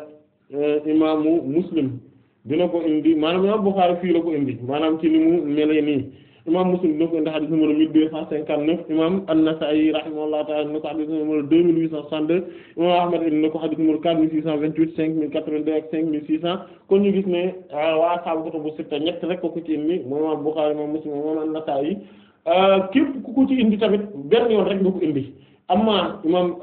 euh, imaamu muslim dina ko indi maanaam imam fii la ko indi maanaam ci ni mu mele nii imam Muslim dina ko indi xadis numéro mille deux cent cinquante neuf imam An-Nasa'i rahimahullahu ta'ala dina ko xadis numéro deux mille huit cent soixante-deux imam Ahmad indi na ko xadis numéro quatre mille six cent vingt-huit cinq mille quatre-vingt-deux ak cinq mille six cent kon ñu gis ne euh, waa saabu kutubu sitta ñett rek ko ko ci indi moom imam Bukhari imam Muslim moom An-Nasa'i euh, képp ku ko ci indi tamit benn yoon rek nga ko indi amma imam